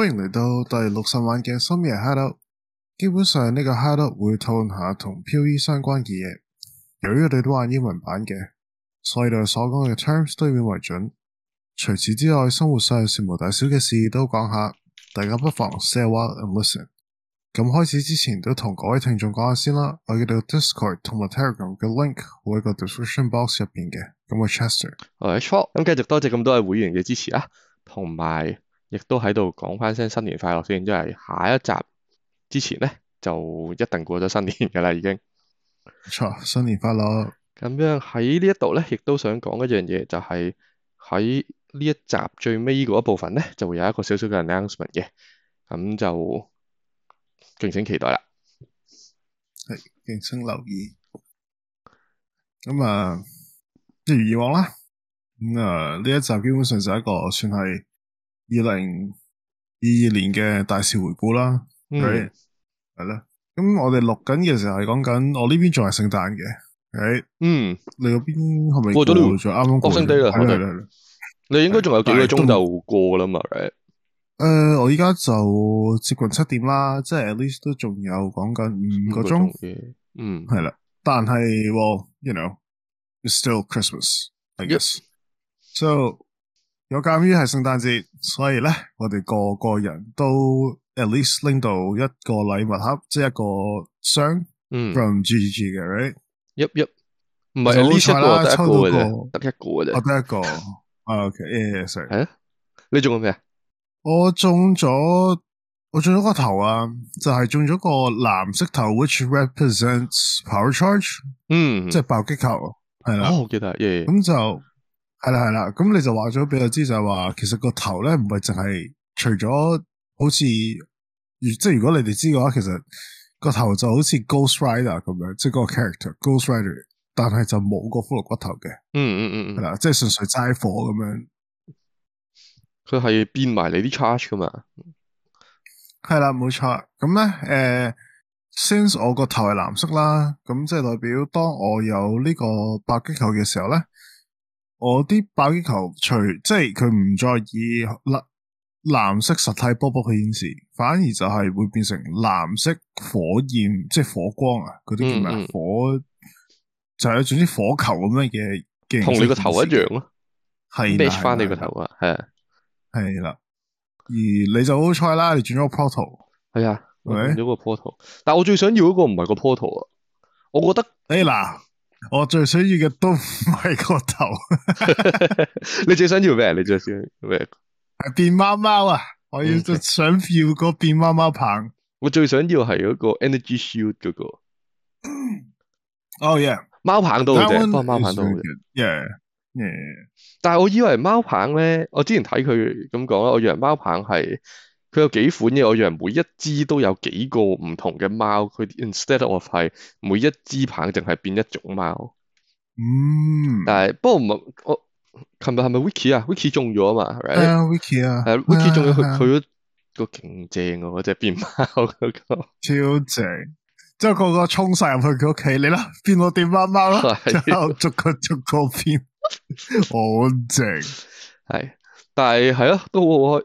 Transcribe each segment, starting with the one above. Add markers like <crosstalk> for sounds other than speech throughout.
歡迎嚟到第六十晚嘅深夜 hardup。基本上呢個 hardup 會討論下同 p 漂 e 相關嘅嘢。由於我哋都玩英文版嘅，所以就哋所講嘅 terms 都以為準。除此之外，生活上少無大小嘅事都講下，大家不妨 s a e what and listen。咁、嗯、開始之前都同各位聽眾講下先啦。我哋嘅 Discord 同 Telegram 嘅 link 會喺個 description box 入邊嘅。咁我 c h e s t e r 我係 Chop。咁繼續多謝咁多位會員嘅支持啊，同埋。亦都喺度講翻聲新年快樂先，因為下一集之前咧就一定過咗新年噶啦，已經。冇錯，新年快樂。咁樣喺呢一度咧，亦都想講一樣嘢，就係喺呢一集最尾嗰一部分咧，就會有一個少少嘅 announcement 嘅，咁就敬請期待啦。係，敬請留意。咁啊，一如以往啦。咁啊，呢一集基本上就係一個算係。二零二二年嘅大事回顧啦，係係啦。咁我哋錄緊嘅時候係講緊，我呢邊仲係聖誕嘅，係、right? 嗯、mm.，你嗰邊係咪過咗呢？再啱啱過聖誕啦，係啦，你應該仲有幾個鐘但就過啦嘛？誒，誒，我而家就接近七點啦，即、就、係、是、at least 都仲有講緊五個鐘，嗯，係、yeah. 啦、mm.，但係、well,，you know，it's still Christmas，I guess，so Yeah.。有鑒於係聖誕節，所以咧，我哋個個人都 at least link 到一個禮物盒，即係一個箱。嗯，from GGG 嘅，right？一、一，yup yup，唔係，你得一個得一個，得一個。OK yes，哎，你中咗咩啊？我中咗，我中咗個頭啊，就係中咗個藍色頭，which represents power charge。嗯，即係爆擊球，係啦。哦，我記得，耶。咁就。係啦，係啦，咁 <noise> 你就話咗俾我知，就係、是、話其實個頭咧唔係淨係，除咗好似，即係如果你哋知嘅話，其實個頭就好似 Ghost Rider 咁樣，即係個 character Ghost Rider，但係就冇個骷髏骨頭嘅，嗯，嗯嗯嗯，係啦，即係純粹齋火咁樣，佢係變埋你啲 charge 噶嘛，係啦，冇錯，咁咧，誒、呃、，Since 我個頭係藍色啦，咁即係代表當我有呢個白擊球嘅時候咧。我啲爆擊球除即係佢唔再以藍藍色實體波波去顯示，反而就係會變成藍色火焰，即係火光啊啲叫咩？火、嗯嗯、就係總之火球咁嘅嘢，同你個頭一樣咯，係咩返你個頭啊？係係啦，啦，啦，而你就好彩啦，你轉咗個 portal，係啊，轉咗個 portal，但係我最想要嗰個唔係個 portal 啊，我覺得誒嗱。欸我最想要嘅都唔係個頭 <laughs> <laughs> 你，你最想要咩？你最想要咩？變貓貓啊！我要 <laughs> 想要個變貓貓棒。我最想要係嗰個 energy shield 嗰、那個。哦、oh,，yeah！貓棒都好。得 Now，貓棒都得，yeah yeah。但係我以為貓棒咧，我之前睇佢咁講啦，我以為貓棒係。佢有幾款嘅，我以為每一支都有幾個唔同嘅貓。佢 instead of 係每一支棒淨係變一種貓。嗯，但係不過唔係我琴日係咪 Wiki 啊？Wiki 中咗啊嘛？誒、right? uh,，Wiki 啊，誒、uh,，Wiki 中咗佢佢個勁正啊！嗰隻變貓、那個、超正，之後個個衝晒入去佢屋企，你啦變我啲貓貓啦，的就逐個逐個變，好正係，但係係咯，都好開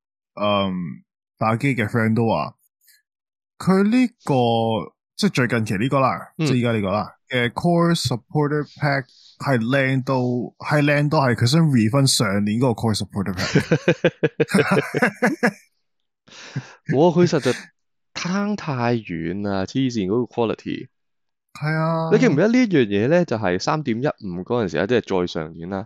嗯，um, 打機嘅 friend 都話佢呢個即係最近期呢個啦，嗯、即係而家呢個啦嘅 Core Supporter Pack 係靚到係靚到係佢想 refine 上年嗰個 Core Supporter Pack，我佢實在攤太遠啦，黐線嗰個 quality 係啊，你記唔記得呢樣嘢咧？就係三點一五嗰陣時咧，即係再上年啦。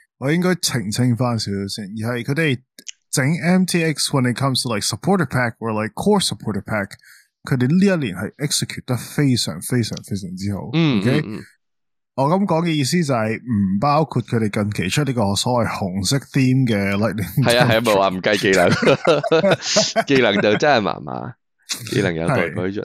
我應該澄清返少少先，而係佢哋整 MTX，When it comes to like supporter pack 或 like core supporter pack，佢哋呢一年係 execute 得非常非常非常之好。嗯，ok，我咁講嘅意思就係唔包括佢哋近期出呢個所謂紅色 theme 嘅。係啊係啊，冇話唔計技能，技能就真係麻麻，技能有待改進。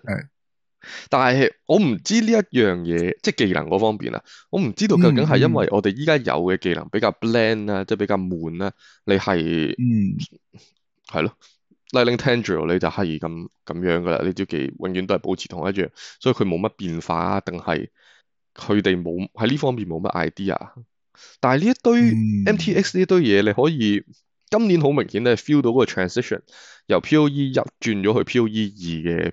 但係我唔知呢一樣嘢，即係技能嗰方面啊，我唔知道究竟係因為我哋依家有嘅技能比較 blend 啦，即係比較悶啦，你係，嗯，係咯，Lightning Tendrils 你就係咁咁樣噶啦，你啲技永遠都係保持同一樣，所以佢冇乜變化啊，定係佢哋冇喺呢方面冇乜 idea？但係呢一堆 MTX 呢一堆嘢，你可以今年好明顯咧 feel 到嗰個 transition 由 POE 一轉咗去 POE 二嘅。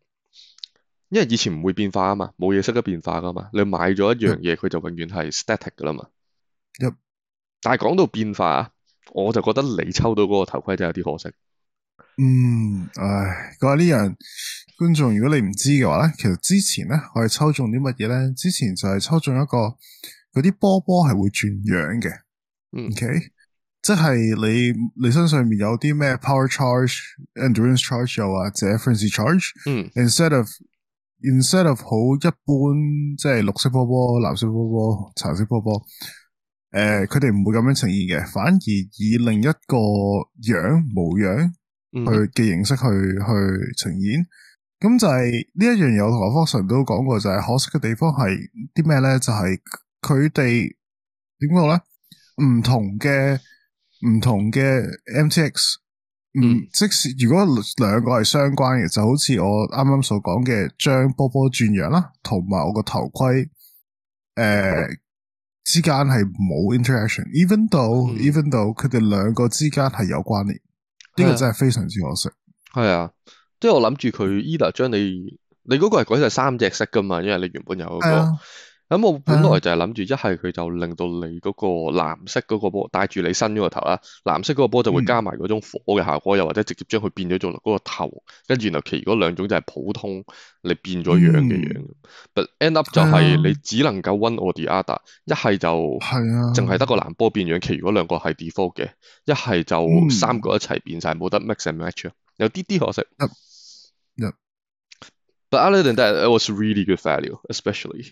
因為以前唔會變化啊嘛，冇嘢識得變化噶嘛。你買咗一樣嘢，佢 Yep. 就永遠係 static 噶啦嘛。Yep. 但係講到變化啊，我就覺得你抽到嗰個頭盔真係有啲可惜。嗯，唉，各位呢樣觀眾，如果你唔知嘅話咧，其實之前咧我係抽中啲乜嘢咧？之前就係抽中一個嗰啲波波係會轉樣嘅。嗯，OK，即係你你身上面有啲咩 power charge，endurance charge 又或者 frenzy charge 嗯。嗯，instead of instead of 好 <noise> 一般，即係綠色波波、藍色波波、橙色波波，誒、呃，佢哋唔會咁樣呈現嘅，反而以另一個樣模樣去嘅形式去去呈現。咁、嗯、就係、是、呢一樣嘢，我同阿福順都講過，就係、是、可惜嘅地方係啲咩咧？就係佢哋點講咧？唔同嘅唔同嘅 MTX。嗯，即使如果兩個係相關嘅，就好似我啱啱所講嘅，將波波轉讓啦，同埋我個頭盔，誒、呃、之間係冇 interaction，even though，even though 佢哋、嗯、兩個之間係有關聯，呢、這個真係非常之可惜。係啊，啊，即係我諗住佢 Ella 將你，你嗰個係改晒三隻色㗎嘛，因為你原本有嗰、那個。咁我、嗯嗯、本來就係諗住一係佢就令到你嗰個藍色嗰個波帶住你新嗰個頭啦，藍色嗰個波就會加埋嗰種火嘅效果，嗯、又或者直接將佢變咗做嗰個頭，跟住然後其餘嗰兩種就係普通你變咗樣嘅樣。嗯、but end up 就係你只能夠 one or the other，一係就係啊，淨係得個藍波變樣，其餘嗰兩個係 default 嘅，一係就三個一齊變晒，冇、嗯、得 mix and match 咯。有啲啲可惜。嗯嗯、but other than that，it was really good value，especially。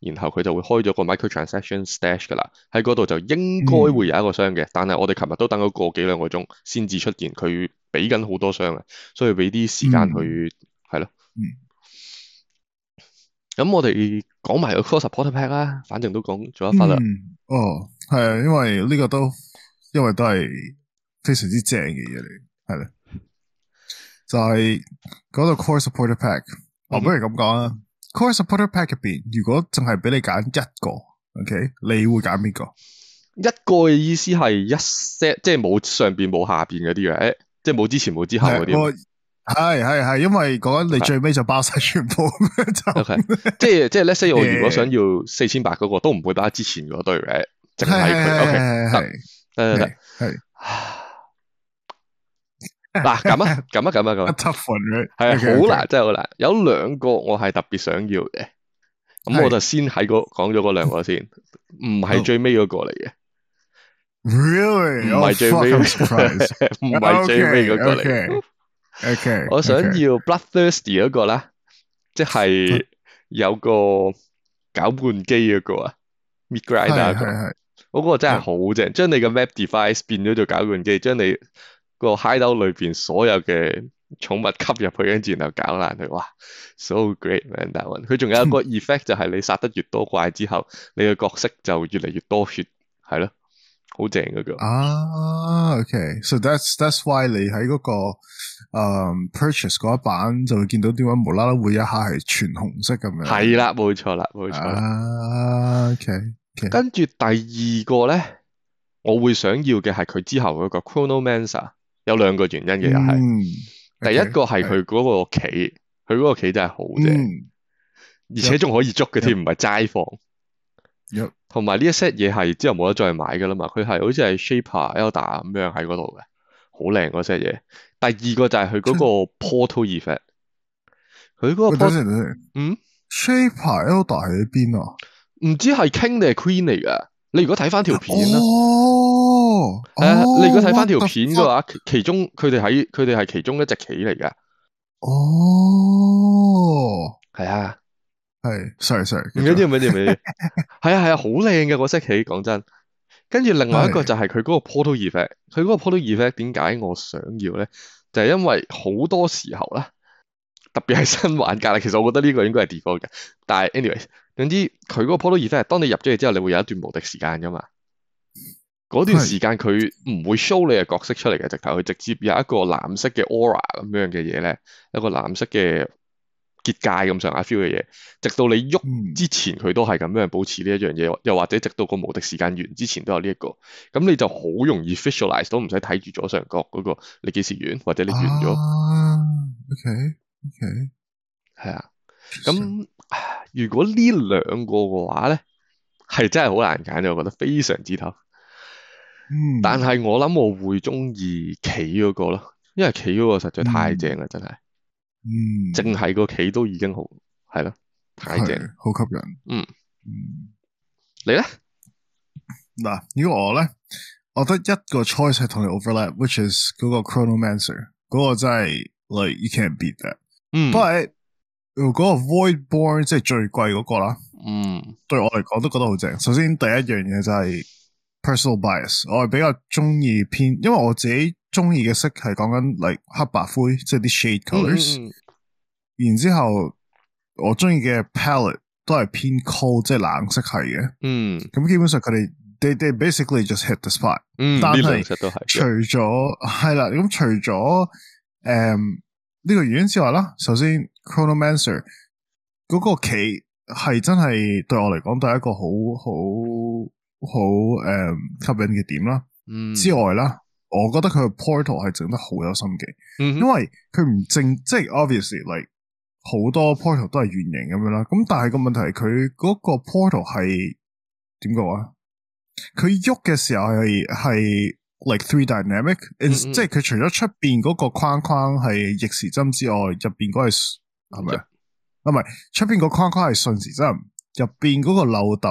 然後佢就會開咗個 micro transaction stash 噶啦，喺嗰度就應該會有一個箱嘅，嗯、但係我哋琴日都等咗個幾兩個鐘先至出現，佢俾緊好多箱啊，所以俾啲時間去係咯。嗯，咁了、嗯、我哋講埋個 core supporter pack 啦、啊，反正都講咗一翻啦、嗯。哦，係啊，因為呢個都因為都係非常之正嘅嘢嚟，係咯，就係講到 core supporter pack，哦，不如咁講啊。嗯嗯 Core Supporter Pack 入邊、okay?，如果淨係俾你揀一個，OK，你、so, 會揀邊個？一個嘅意思係一 set，即係冇上邊冇下邊嗰啲嘅，誒，即係冇之前冇之後嗰啲。係係係，因為講緊你最尾就包晒全部。OK，即係即係，Let's say，我如果想要四千八嗰個，都唔會打之前嗰堆嘅，淨係佢。得得得，係。嗱，咁啊，咁啊，咁啊，咁啊，係啊，好難，真係好難。有兩個我係特別想要嘅，咁我就先喺個講咗嗰兩個先，唔係最尾嗰個嚟嘅。Really？唔係最尾，唔係最尾嗰個嚟嘅。OK，我想要 Bloodthirsty 嗰個啦，即係有個攪拌機嗰個啊，Migraine 嗰個真係好正，將你嘅 Map Device 變咗做攪拌機，將你。個 hideout 裏邊所有嘅寵物吸入去，跟住然後搞爛佢，哇！So great，Man，Darwin。佢仲有一個 effect <laughs> 就係你殺得越多怪之後，你嘅角色就越嚟越多血，係咯，好正嘅㗎。啊、ah,，OK，so、okay. that's that's why 你喺嗰、那個誒、um, purchase 嗰一版就會見到啲樣無啦啦會一下係全紅色咁樣。係啦，冇錯啦，冇錯啦。Ah, OK，okay. 跟住第二個咧，我會想要嘅係佢之後嗰個 Chronomancer。有兩個原因嘅，又係，第一個係佢嗰個棋，佢嗰個棋真係好靚，而且仲可以捉嘅添，唔係齋放。同埋呢一 set 嘢係之後冇得再買噶啦嘛，佢係好似係 Shaper Elder 咁樣喺嗰度嘅，好靚嗰 set 嘢。第二個就係佢嗰個 portal effect，佢嗰個 portal effect，嗯 Shaper Elder 喺邊啊？唔知係 king 定係 queen 嚟㗎？你如果睇翻條片咧。誒，你、uh, oh, 如果睇翻條片嘅話，the 其中佢哋喺佢哋係其中一隻企嚟㗎。哦，係啊，係，sorry，sorry，唔緊要，唔緊要，唔緊要，係啊係啊，好靚嘅嗰隻企，講、 <laughs> 啊啊、真。跟住另外一個就係佢嗰個 portal effect，佢嗰個 portal effect 點解我想要咧？就係、是、因為好多時候啦，特別係新玩家啦，其實我覺得呢個應該係 default 嘅。但係 anyway 總之，佢嗰個 portal effect，當你入咗去之後，你會有一段無敵時間噶嘛。嗰段時間佢唔會 show 你嘅角色出嚟嘅，直頭佢直接有一個藍色嘅 aura 咁樣嘅嘢咧，一個藍色嘅結界咁上下 feel 嘅嘢，直到你喐之前佢都係咁樣保持呢一樣嘢，嗯、又或者直到個無敵時間完之前都有呢、這、一個，咁你就好容易 visualize 到，唔使睇住左上角嗰、那個你幾時完或者你完咗、啊，ok ok 係啊，咁如果兩呢兩個嘅話咧，係真係好難揀嘅，我覺得非常之頭。嗯、但係我諗我會中意企嗰個咯，因為企嗰個實在太正啦，真係。嗯，淨係的、嗯、個企都已經好，係咯，太正，好吸引。嗯嗯，嗯你咧呢？嗱，如果我咧，我覺得一個 choice 係同你 overlap，which is 嗰個 chronomancer，m 嗰個真係 like you can't beat that。嗯。But 如果 void born 即係最最貴嗰個啦，嗯，對我嚟講都覺得好正。首先第一樣嘢就係、是。Personal bias，我係比較中意偏，因為我自己中意嘅色系講緊 like 黑白灰，即係啲 shade colors、嗯。嗯、然之後我中意嘅 palette 都係偏 cold，即係冷色系嘅。嗯。咁基本上佢哋 they they basically just hit the spot、嗯。但呢其實都係。除咗係啦，咁、嗯、除咗誒呢個原因之外啦，首先 Chronomancer 嗰個企係真係對我嚟講，都係一個好好。好誒，um, 吸引嘅點啦，嗯、之外啦，我覺得佢個 portal 係整得好有心機，嗯、哼因為佢唔正，即係 obviously like 好多 portal 都係圓形咁樣啦。咁但係個問題佢嗰個 portal 係點講啊？佢喐嘅時候係係 like three dynamic，即係佢除咗出邊嗰個框框係逆時針之外，入邊嗰係係咪啊？係咪出邊個框框係順時針，入邊嗰個漏斗。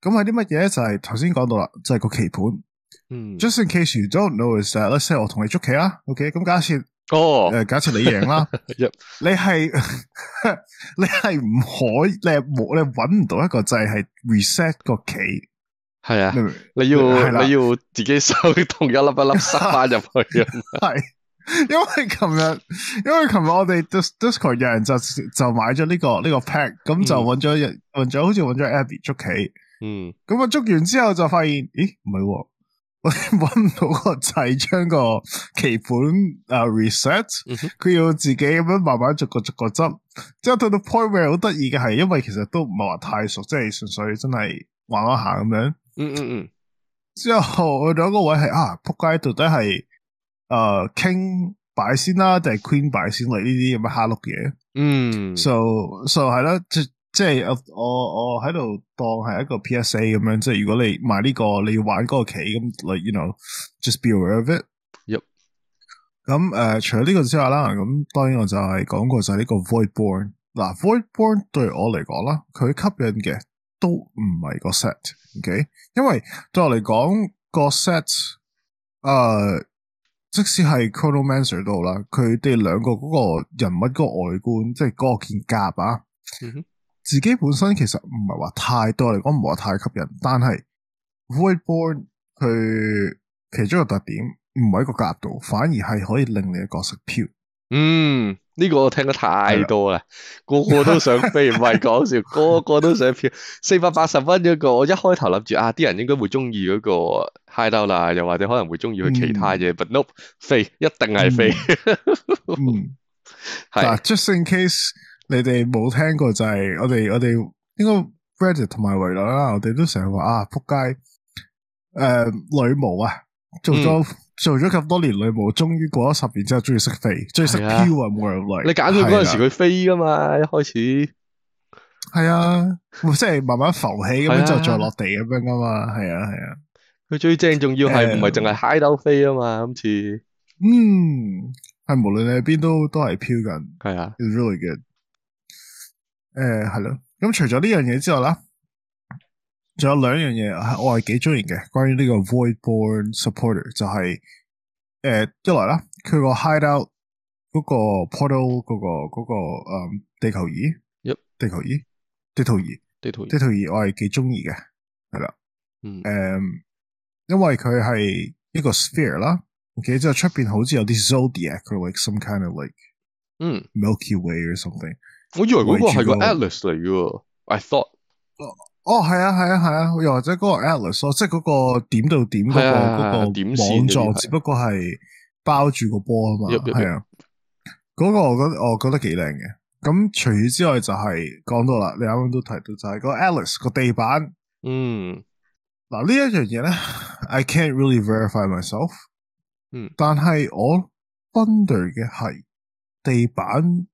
咁係啲乜嘢咧？就係頭先講到啦，就係個棋盤。Just in case you don't know，is，let's say 我同你捉棋啦，OK，咁假設哦，誒，假設你贏啦，你係你係唔可，你你揾唔到一個掣係 reset 個棋。係啊，你要你要自己手同一粒粒塞翻入去嘅，係因為琴日因為琴日我哋 Discord 有人就就買咗呢個呢個 pack，咁就揾咗人揾咗，好似揾咗 Abby 捉棋。嗯，咁啊、mm hmm. 捉完之後就發現，咦，唔係、啊，我搵唔到個掣將個棋盤啊 reset，佢、mm hmm. 要自己咁樣慢慢逐個逐個執，之後到到 point where 好得意嘅係，因為其實都唔係話太熟，即係純粹真係玩一下咁樣。嗯嗯嗯，之、hmm. 後我兩個位係啊扑街到底係誒、uh, king 擺先，先啦，定係 queen 擺先嚟呢啲咁嘅蝦碌嘢。嗯，所以所以係咯，hmm. so, so, yeah, to, 即係我我喺度當係一個 P.S.A. 咁樣，即係如果你買呢、這個，你要玩嗰個棋咁，你、like, you know just be aware of it Yep.、嗯。咁、呃、誒，除咗呢個之外啦，咁當然我就係講過就係呢個 Voidborn。嗱、啊、Voidborn 對我嚟講啦，佢吸引嘅都唔係個 set。O.K.，因為對我嚟講、那個 set，誒、呃，即使係 Chronomancer 度啦，佢哋兩個嗰個人物個外觀，即係嗰個劍甲啊。Mm hmm. 自己本身其實唔係話太多嚟講，唔係話太吸引。但係 Voidborn 佢其中一個特點，唔係一個壓度，反而係可以令你角色飄。嗯，呢個我聽得太多啦，的個個都想飛，唔係講笑， <laughs> 個個都想飄。四百八十蚊一個，我一開頭諗住啊，啲人應該會中意嗰個 high low 啦，又或者可能會中意佢其他嘢。But nope，、嗯、飛一定係飛。嗯，係 <laughs> just in case。你哋冇聽過就係我哋，我哋應該 fred 同埋維倫啦，我哋都成日話啊，撲街！誒，女模啊，做咗做咗咁多年女模，終於過咗十年之後，終於識飛，終於識飄啊！維倫，你揀佢嗰陣時佢飛噶嘛？一開始係啊，即係慢慢浮起咁樣，之後再落地咁樣噶嘛？係啊係啊，佢最正，重要係唔係淨係 high 樓飛啊嘛？今次嗯，係無論你喺邊都都係飄緊，係啊 really good。誒，係咯、嗯。咁、嗯、除咗呢樣嘢之外啦，仲有兩樣嘢我係幾中意嘅。關於呢個 Voidborn supporter，就係、是、誒、呃，一來啦，佢個 hideout 嗰、那個 portal 嗰、那個個誒地球儀，地球儀 Yep.，地圖儀，地圖儀，地圖儀，我係幾中意嘅，係、嗯 um，啦。誒，因為佢係一個 sphere 啦，其實之後出邊好似有啲 zodiac or like some kind of like milky way or something、嗯。我以為嗰個係個 Atlas 嚟噶，I thought，哦，係啊，係啊，係啊，又或者嗰個 Atlas，即係嗰個點到點嗰、那個嗰、啊、個網狀，只不過係包住個波啊嘛，係進啊，嗰、那個我覺得我覺得幾靚嘅。咁除此之外、就是，就係講多啦，你啱啱都提到，就係個 Atlas 個地板，嗯，嗱呢一樣嘢咧，I can't really verify myself，嗯，但係我 wonder 嘅係地板。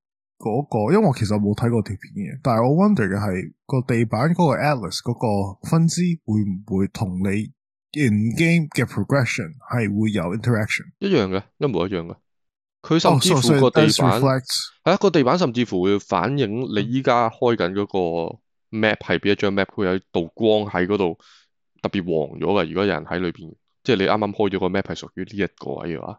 嗰個，因為我其實冇睇過條片嘅，但係我 Wonder 嘅係個地板嗰個 Atlas 嗰個分支會唔會同你 in game 嘅 progression 係會有 interaction？一樣嘅，一模一樣嘅。佢甚至乎個地板係啊，個地板，啊、地板甚至乎會反映你依家開緊嗰個 map 係邊一張 map，佢有道光喺嗰度特別黃咗嘅。如果有人喺裏邊，即、就、係、是、你啱啱開咗個 map 係屬於呢一個位啊。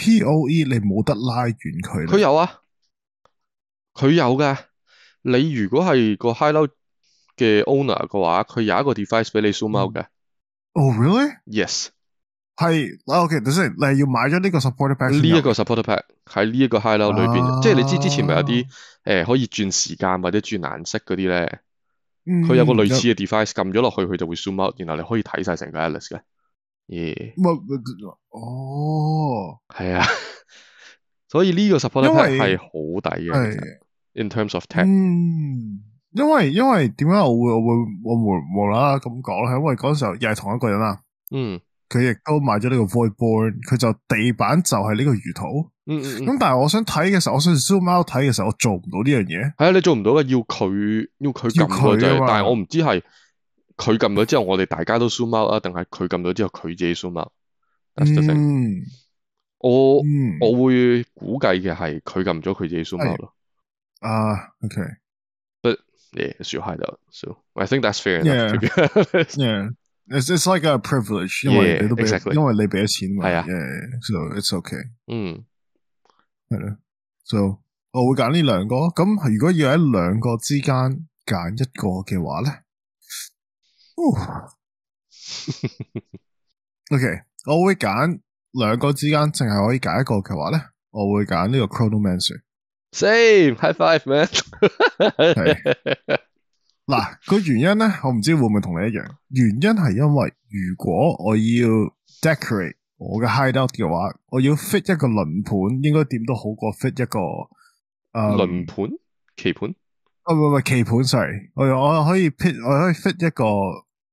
P.O.E，你冇得拉遠佢，佢有啊，佢有嘅。你如果係個 hideout 嘅 owner 嘅話，佢有一個 device 俾你 zoom out 嘅。哦，really？Yes，係，OK，即係你要買咗呢個 supporter pack。呢一個 supporter pack 喺呢一個 hideout 裏邊，即係你之之前咪有啲誒可以轉時間或者轉顏色嗰啲咧，佢有個類似嘅 device 撳咗落去，佢就會 zoom out，然後你可以睇晒成個 Atlas 嘅。咦？Yeah. 哦，係啊，所以呢個 supporter pack 係好抵嘅為。是 in terms of ten，因為因為點解我會我會我無無啦啦咁講咧？因為嗰時候又係同一個人啊。嗯，佢亦都買咗呢個 void board 佢就地板就係呢個魚肚。嗯嗯咁但係我想睇嘅時候，我想 show 貓睇嘅時候，我做唔到呢樣嘢。係啊，你做唔到嘅，要佢要佢撳佢。要但係我唔知係。佢撳咗之後，我哋大家都 zoom out 啊？定係佢撳咗之後，佢自己 zoom out？Justin，我我會估計嘅係佢撳咗，佢自己 zoom out 咯。啊，OK，But yeah，少蝦就少。So I think that's fair enough。Yeah，yeah，it's it's like a privilege，因為你都俾，因為你俾咗錢嘛。係啊，So it's okay。嗯，係咯。So 我會揀呢兩個。咁如果要喺兩個之間揀一個嘅話咧？ <laughs> O.K. 我會揀，兩個之間淨係可以揀一個嘅話咧，我會揀呢個 Crown h Mansion。Same，high five，man。 <laughs> <laughs> 係嗱、個原因咧，我唔知會唔會同你一樣。原因係因為如果我要 decorate 我嘅 hideout 嘅話，我要 fit 一個輪盤，應該點都好過 fit 一個誒、嗯、輪盤棋盤。唔唔係，棋盤，sorry。我我可以 fit，我可以 fit 一個。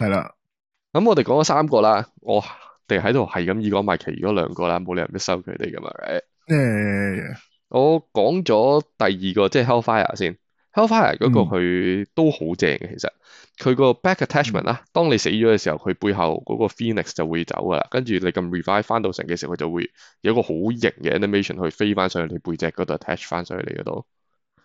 係啦，咁、嗯、我哋講咗三個啦，哦、我哋喺度係咁意講埋其餘嗰兩個啦，冇理由唔收佢哋噶嘛。誒、嗯，我講咗第二個即係 Hellfire 先，Hellfire 嗰個佢都好正嘅，其實佢個 back attachment 啦，嗯、當你死咗嘅時候，佢背後嗰個 Phoenix 就會走噶啦，跟住你撳 revive 翻到城嘅時候，佢就會有一個好型嘅 animation 去飛翻上你背脊嗰度 attach 翻上去你嗰度。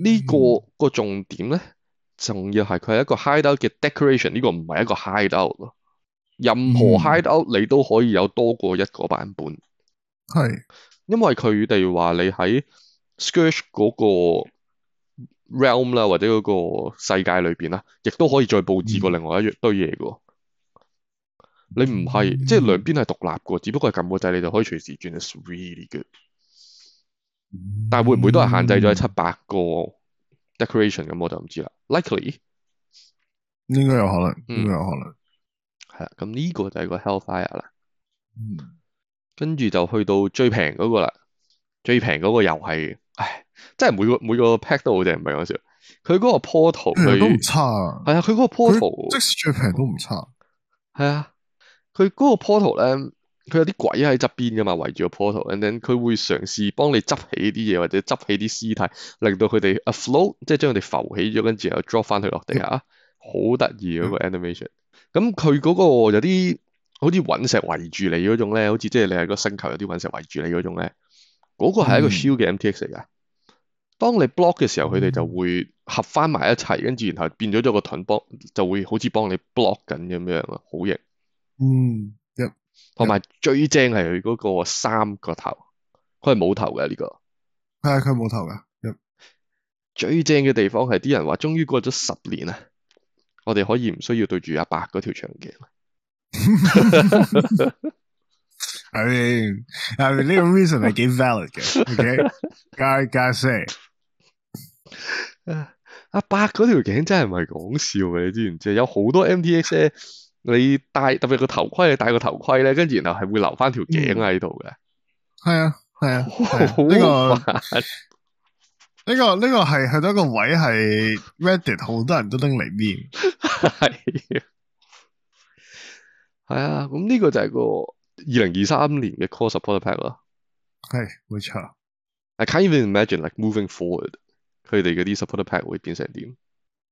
呢、這個個重點咧，仲要係佢係一個 hideout 嘅 decoration，呢個唔係一個 hideout 咯。任何 hideout 你都可以有多過一個版本，係是因為佢哋話你喺 Scourge 嗰個 realm 啦，或者嗰個世界裏邊啦，亦都可以再佈置過另外一堆嘢嘅。嗯、你唔係即係兩邊係獨立嘅，只不過係撳個掣，你就可以隨時轉。It's really good. 但會唔會都係限制咗喺七八個 decoration 咁我就唔知啦。Likely 應該有可能，嗯、應該有可能係啦。咁呢個就係個 Hellfire 啦。嗯，跟住就去到最平嗰個啦。最平嗰個又係，唉，真係每個每個 pack 都好正，唔係講笑。佢嗰個 portal 都唔差啊。係啊，佢嗰個 portal 即使最平都唔差。係啊，佢嗰個 portal 咧。佢有啲鬼喺側邊㗎嘛，圍住個 portal，and then 佢會嘗試幫你執起啲嘢，或者執起啲屍體，令到佢哋 afloat，即係將佢哋浮起咗，跟住又 drop 翻佢落地下、嗯。好得意嗰個 animation。咁佢嗰個有啲好似隕石圍住你嗰種咧，好似即係你係個星球有啲隕石圍住你嗰種咧，嗰、那個係一個 shield 嘅 MTX 嚟㗎。當你 block 嘅時候，佢哋就會合翻埋一齊，跟住然後變咗咗個盾幫，就會好似幫你 block 緊咁樣啊！好型。嗯。同埋最正係佢嗰個三個頭，佢係冇頭嘅呢個。係佢冇頭噶。最正嘅地方係啲人話，終於過咗十年啦，我哋可以唔需要對住阿伯嗰條長頸。 <laughs> <laughs> I mean，I mean 呢個 reason 係幾 valid 嘅。OK，加一加聲。阿伯嗰條頸真係唔係講笑嘅，你知唔知？有好多 MTX 你戴特別個頭盔，你戴個頭盔咧，跟住然後係會留翻條頸喺度嘅。係、嗯、啊，係啊，呢、啊哇這個呢煩、這個呢、這個係去到一個位係 Reddit 好多人都拎嚟面，係 <laughs> <laughs> 啊，係、嗯、啊，咁、這、呢個就係個二零二三年嘅 Core Support Pack 咯。係，冇錯。I can't even imagine like moving forward，佢哋嗰啲 Support Pack 會變成點？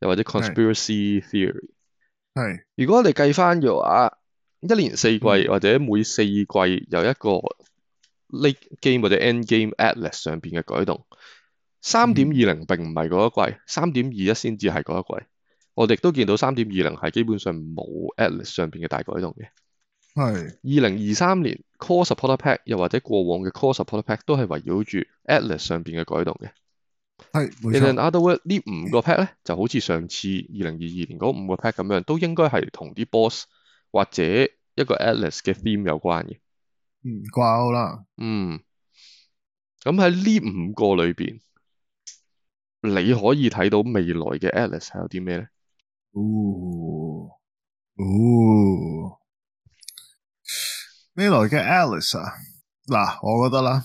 又或者 conspiracy theory，係。的如果我哋計翻嘅話，一年四季或者每四季有一個 late game 或者 end game Atlas 上邊嘅改動，三點二零並唔係嗰一季，三點二一先至係嗰一季。我哋都見到三點二零係基本上冇 Atlas 上邊嘅大改動嘅。係。二零二三年 Core Supporter Pack 又或者過往嘅 Core Supporter Pack 都係圍繞住 Atlas 上邊嘅改動嘅。係，其實 in other words 呢五個 pack 咧，就好似上次二零二二年嗰五個 pack 咁樣，都應該係同啲 boss 或者一個 Atlas 嘅 theme 有關嘅。唔掛鈎啦。嗯，咁喺呢五個裏邊， <noise> 你可以睇到未來嘅 Atlas 係有啲咩咧？哦，哦，未來嘅 Atlas 啊，嗱，我覺得啦。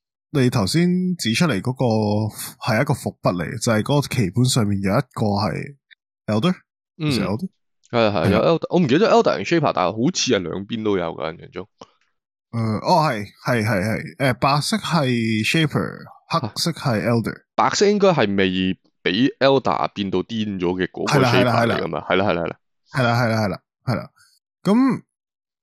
你頭先指出嚟嗰個係一個伏筆嚟，就係嗰個棋盤上面有一個係 elder，嗯，elder 係係有 elder，我唔記得 elder 定 shaper，但係好似係兩邊都有噶，印象中。誒，哦，係係係係，誒，白色係 shaper，黑色係 elder，白色應該係未俾 elder 變到癲咗嘅嗰個 shaper 嚟噶嘛？係啦係啦，係啦係啦係啦，係啦。咁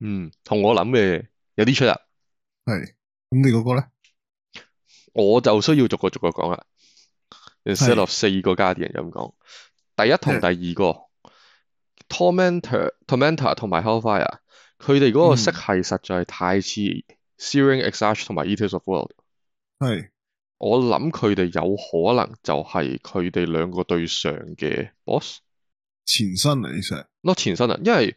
嗯，同我諗嘅有啲出入，係。咁你嗰個咧？我就需要逐個逐個講啦。Instead of 四個 Guardian 咁講，是第一同第二個 Tormentor、Tormentor 同埋 Hellfire，佢哋嗰個色系實在太似 Searing Exarch 同埋 Eater of Worlds。係是，我諗佢哋有可能就係佢哋兩個對上嘅 boss 前身嚟上，嘅，攞前身啊，身因為。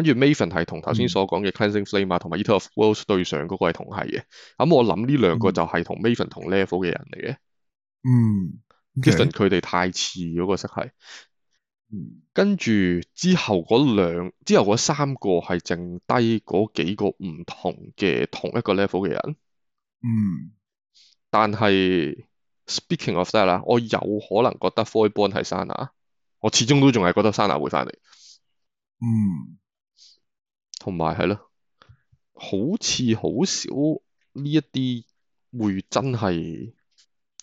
跟住 Maven 係同頭先所講嘅 Cleansing Flame 啊，嗯 e、of 同埋 Eater of Worlds 對上嗰個係同係嘅。咁、嗯、我諗呢兩個就係同 Maven 同 Level 嘅人嚟嘅。嗯 m a 佢哋太似嗰個色係。Okay. 跟住之後嗰兩、之後三個係剩低嗰幾個唔同嘅同一個 Level 嘅人。嗯，但係 Speaking of that 啦，我有可能覺得 Fourborn 係 Sana，我始終都仲係覺得 Sana 會翻嚟。嗯。同埋係咯，好似好少呢一啲會真係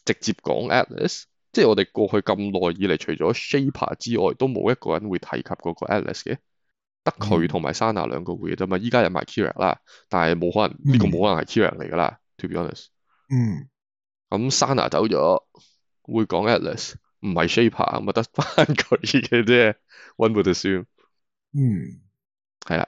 直接講 Atlas，即係我哋過去咁耐以嚟，除咗 Shaper 之外，都冇一個人會提及嗰個 Atlas 嘅，得佢同埋 Sana 兩個會嘅啫嘛。依家有埋 Kira 啦，但係冇可能呢、呢個冇可能係 Kira 嚟噶啦。Mm. To be honest，嗯，咁、mm. Sana 走咗，會講 Atlas，唔係 Shaper 咪得翻佢嘅啫。One would assume，嗯、mm.，係啦。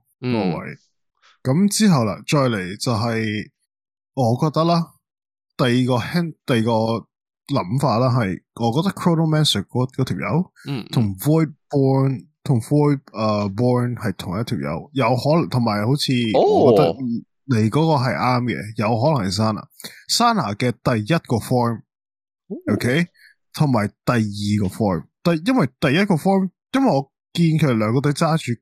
各位，咁、mm. 之後啦，再嚟就係、是，我覺得啦，第二個 hint，第二個諗法啦，係我覺得 Chronomancer 嗰嗰條友，嗯，同、mm. Void Born 同 Void 誒、呃、Born 係同一條友，有可能，同埋好似、oh. 我覺得你嗰個係啱嘅，有可能係 Sana，Sana 嘅第一個 form，OK，同埋第二個 form，但因為第一個 form，因為我見佢哋兩個都揸住。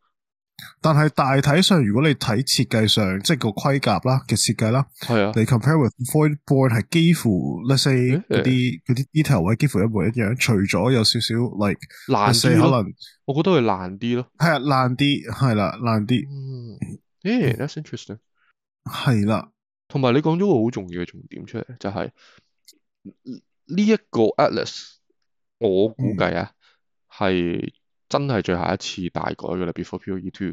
但係大體上，如果你睇設計上，即係個盔甲啦嘅設計啦，係啊，你 compare with void point 係幾乎 Let's say, 誒那些嗰啲嗰啲 detail 位幾乎一模一樣，除咗有少少 like 爛少 's 可能，我覺得佢爛啲咯，係啊，爛啲係啦，爛啲、啊，啊、嗯，誒、yeah,，that's interesting，係啦、啊，同埋你講咗個好重要嘅重點出嚟，就係呢一個 Atlas，我估計啊、嗯，係。真係最後一次大改嘅啦，Before P.O.E. Two，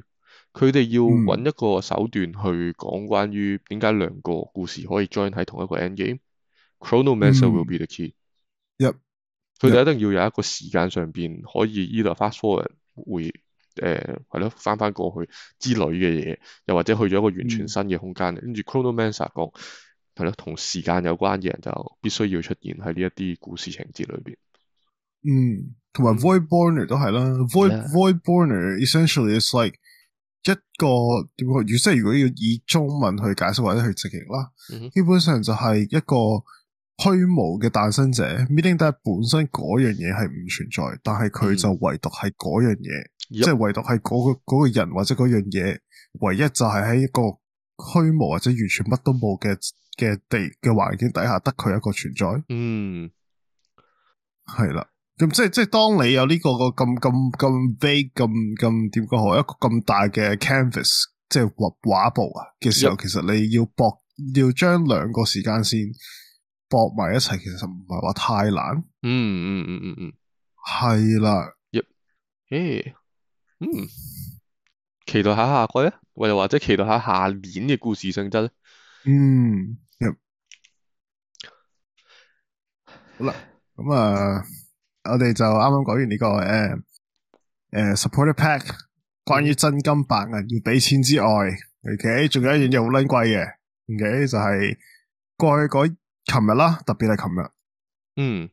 佢哋要揾一個手段去講關於點解兩個故事可以 join 喺同一個 endgame。Chronomancer will be the key、嗯。Yup 佢哋一定要有一個時間上邊可以 either fast forward，會誒係咯翻翻過去之類嘅嘢，又或者去咗一個完全新嘅空間，嗯、跟住 Chronomancer 講係咯，同時間有關嘅人就必須要出現喺呢一啲故事情節裏邊。嗯，同埋、mm hmm. Void Born 都係啦。Void Yeah. Void Born Essentially，係 is like 一個點講？即係如果要以中文去解釋或者去直譯啦，mm hmm. 基本上就係一個虛無嘅誕生者。Meaning that 本身嗰樣嘢係唔存在，但係佢就唯獨係嗰樣嘢，mm hmm. 即係唯獨係嗰個、嗰個人或者嗰樣嘢，唯一就係喺一個虛無或者完全乜都冇嘅嘅地嘅環境底下，得佢一個存在。嗯、mm，係、hmm. 啦。咁即係即係，當你有呢個個咁咁咁 big 咁咁點講好一個咁大嘅 canvas，即係畫畫布啊嘅時候，其實你要搏，要將兩個時間線搏埋一齊，其實唔係話太難。嗯嗯嗯嗯嗯，係、嗯、啦。 <noise> 嗯嗯嗯、期待下下季啊，或或者期待下下年嘅故事性質咧。嗯，好啦，咁、嗯、啊。我哋就啱啱講完呢、這個誒誒、uh, uh, support pack，關於真金白銀要俾錢之外，OK，仲有一樣嘢好撚貴嘅，OK，就係過去嗰琴日啦，特別係琴日，嗯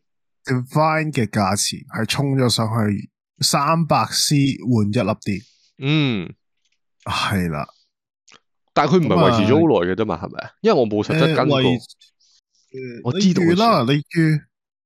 ，Divine 嘅價錢係衝咗上去三百 C 換一粒電，嗯，係啦了，但係佢唔係維持咗好耐嘅啫嘛，係咪啊？因為我冇實質跟、嗯呃、我知道啦，你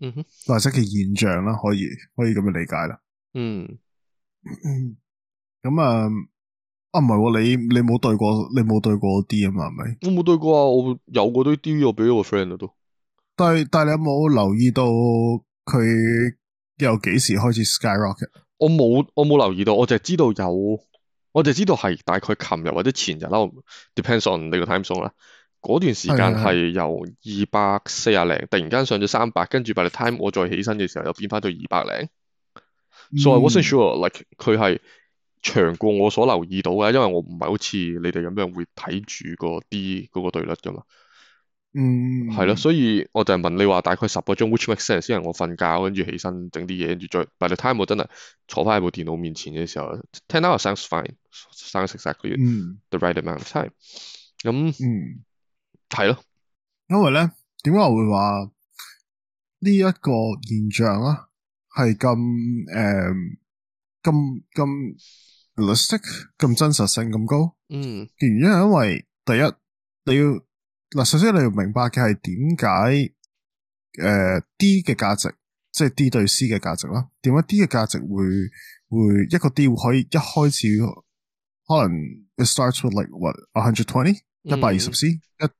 嗯、哼或者其現象啦，可以可以咁樣理解啦。嗯，咁、嗯、啊，啊唔係，你你冇對過，你冇對過啲啊嘛，係咪、啊？我冇對過啊，我有嗰堆啲我俾我 friend 啦都。但係但係你有冇留意到佢又幾時開始 skyrocket？我冇我冇留意到，我就係知道有，我就係知道係大概琴日或者前日啦，depends on 你個 time zone 啦。嗰段時間係由二百四啊零，突然間上咗三百，跟住 by the time 我再起身嘅時候又變翻到二百零，So I wasn't sure, like 佢係長過我所留意到嘅，因為我唔係好似你哋咁樣會睇住個啲嗰個對率噶嘛。嗯，係咯，所以我就係問你話大概十個鐘，which makes sense 先係我瞓覺，跟住起身整啲嘢，跟住再 by the time 我真係坐翻喺部電腦面前嘅時候，ten hour sounds fine，sounds exactly、嗯、the right amount of time 咁、嗯。嗯。係咯，因為咧，點解我會話呢一個現象啊，係咁誒，咁咁 realistic 咁真實性咁高？嗯，原因係因為第一你要嗱，首先你要明白嘅係點解誒 D 嘅價值，即係 D 對 C 嘅價值啦。點解 D 嘅價值會會一個 D 會可以一開始可能 it starts with like one hundred twenty 一百二十 C 一。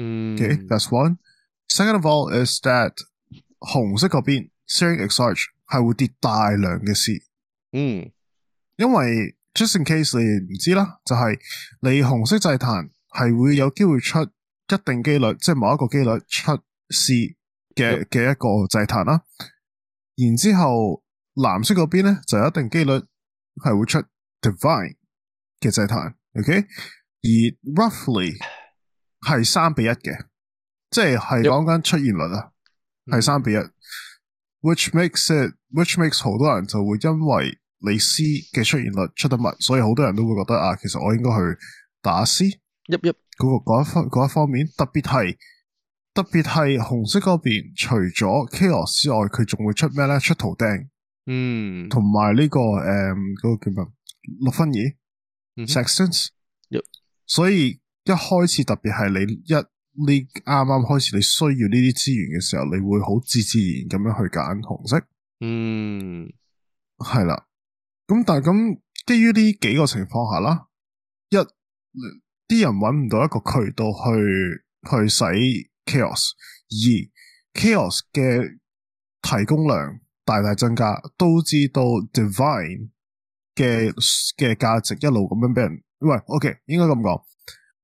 嗯嘅、okay, that's one. Second of all is that 紅色嗰邊 Searing Exarch 係會跌大量嘅 c 嗯，因為 just in case 你唔知啦就係、是、你紅色祭壇係會有機會出一定機率即係、就是、某一個機率出 c 嘅嘅一個祭壇啦，然之後藍色嗰邊呢就有一定機率係會出 Divine 嘅祭壇 ok 而 roughly 係三比一嘅，即係講緊出現率啊，係三 Yep. 比一。 <noise> which makes it, which makes 好多人就會因為你 C 嘅出現率出得密，所以好多人都會覺得啊，其實我應該去打 C。Yup，嗰個嗰一方一方面，特別係特別係紅色嗰邊，除咗 Chaos 之外，佢仲會出咩咧？出桃釘、mm. 這個。嗯。同埋呢個誒，嗰個叫咩？六分儀，Sextant, xt y Yep. 所以。一開始特別係你一呢啱啱開始你需要呢啲資源嘅時候，你會好自自然咁樣去揀紅色。嗯，係啦。咁但係咁基於呢幾個情況下啦，一，啲人揾唔到一個渠道去去使 Chaos，二，Chaos 嘅提供量大大增加，都知道 Divine 嘅嘅價值一路咁樣俾人，喂，OK，應該咁講。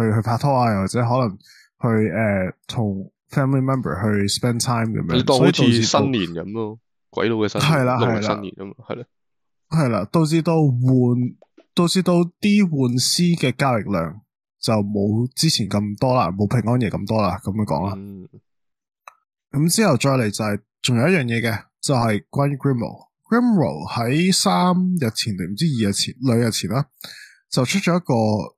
去去拍拖啊，又或者可能去誒，同、呃、family member 去 spend time 咁樣，樣，好似新年咁咯，鬼佬嘅新年，係啦，係啦，係啦，係啦，導致到換，導致到啲換 C 嘅交易量就冇之前咁多啦，冇平安夜咁多啦，咁樣講啦。咁、嗯、之後再嚟就係、是、仲有一樣嘢嘅，就係、是、關於 Grimo，Grimo m 喺三日前定唔知二日前兩日前啦，就出咗一個。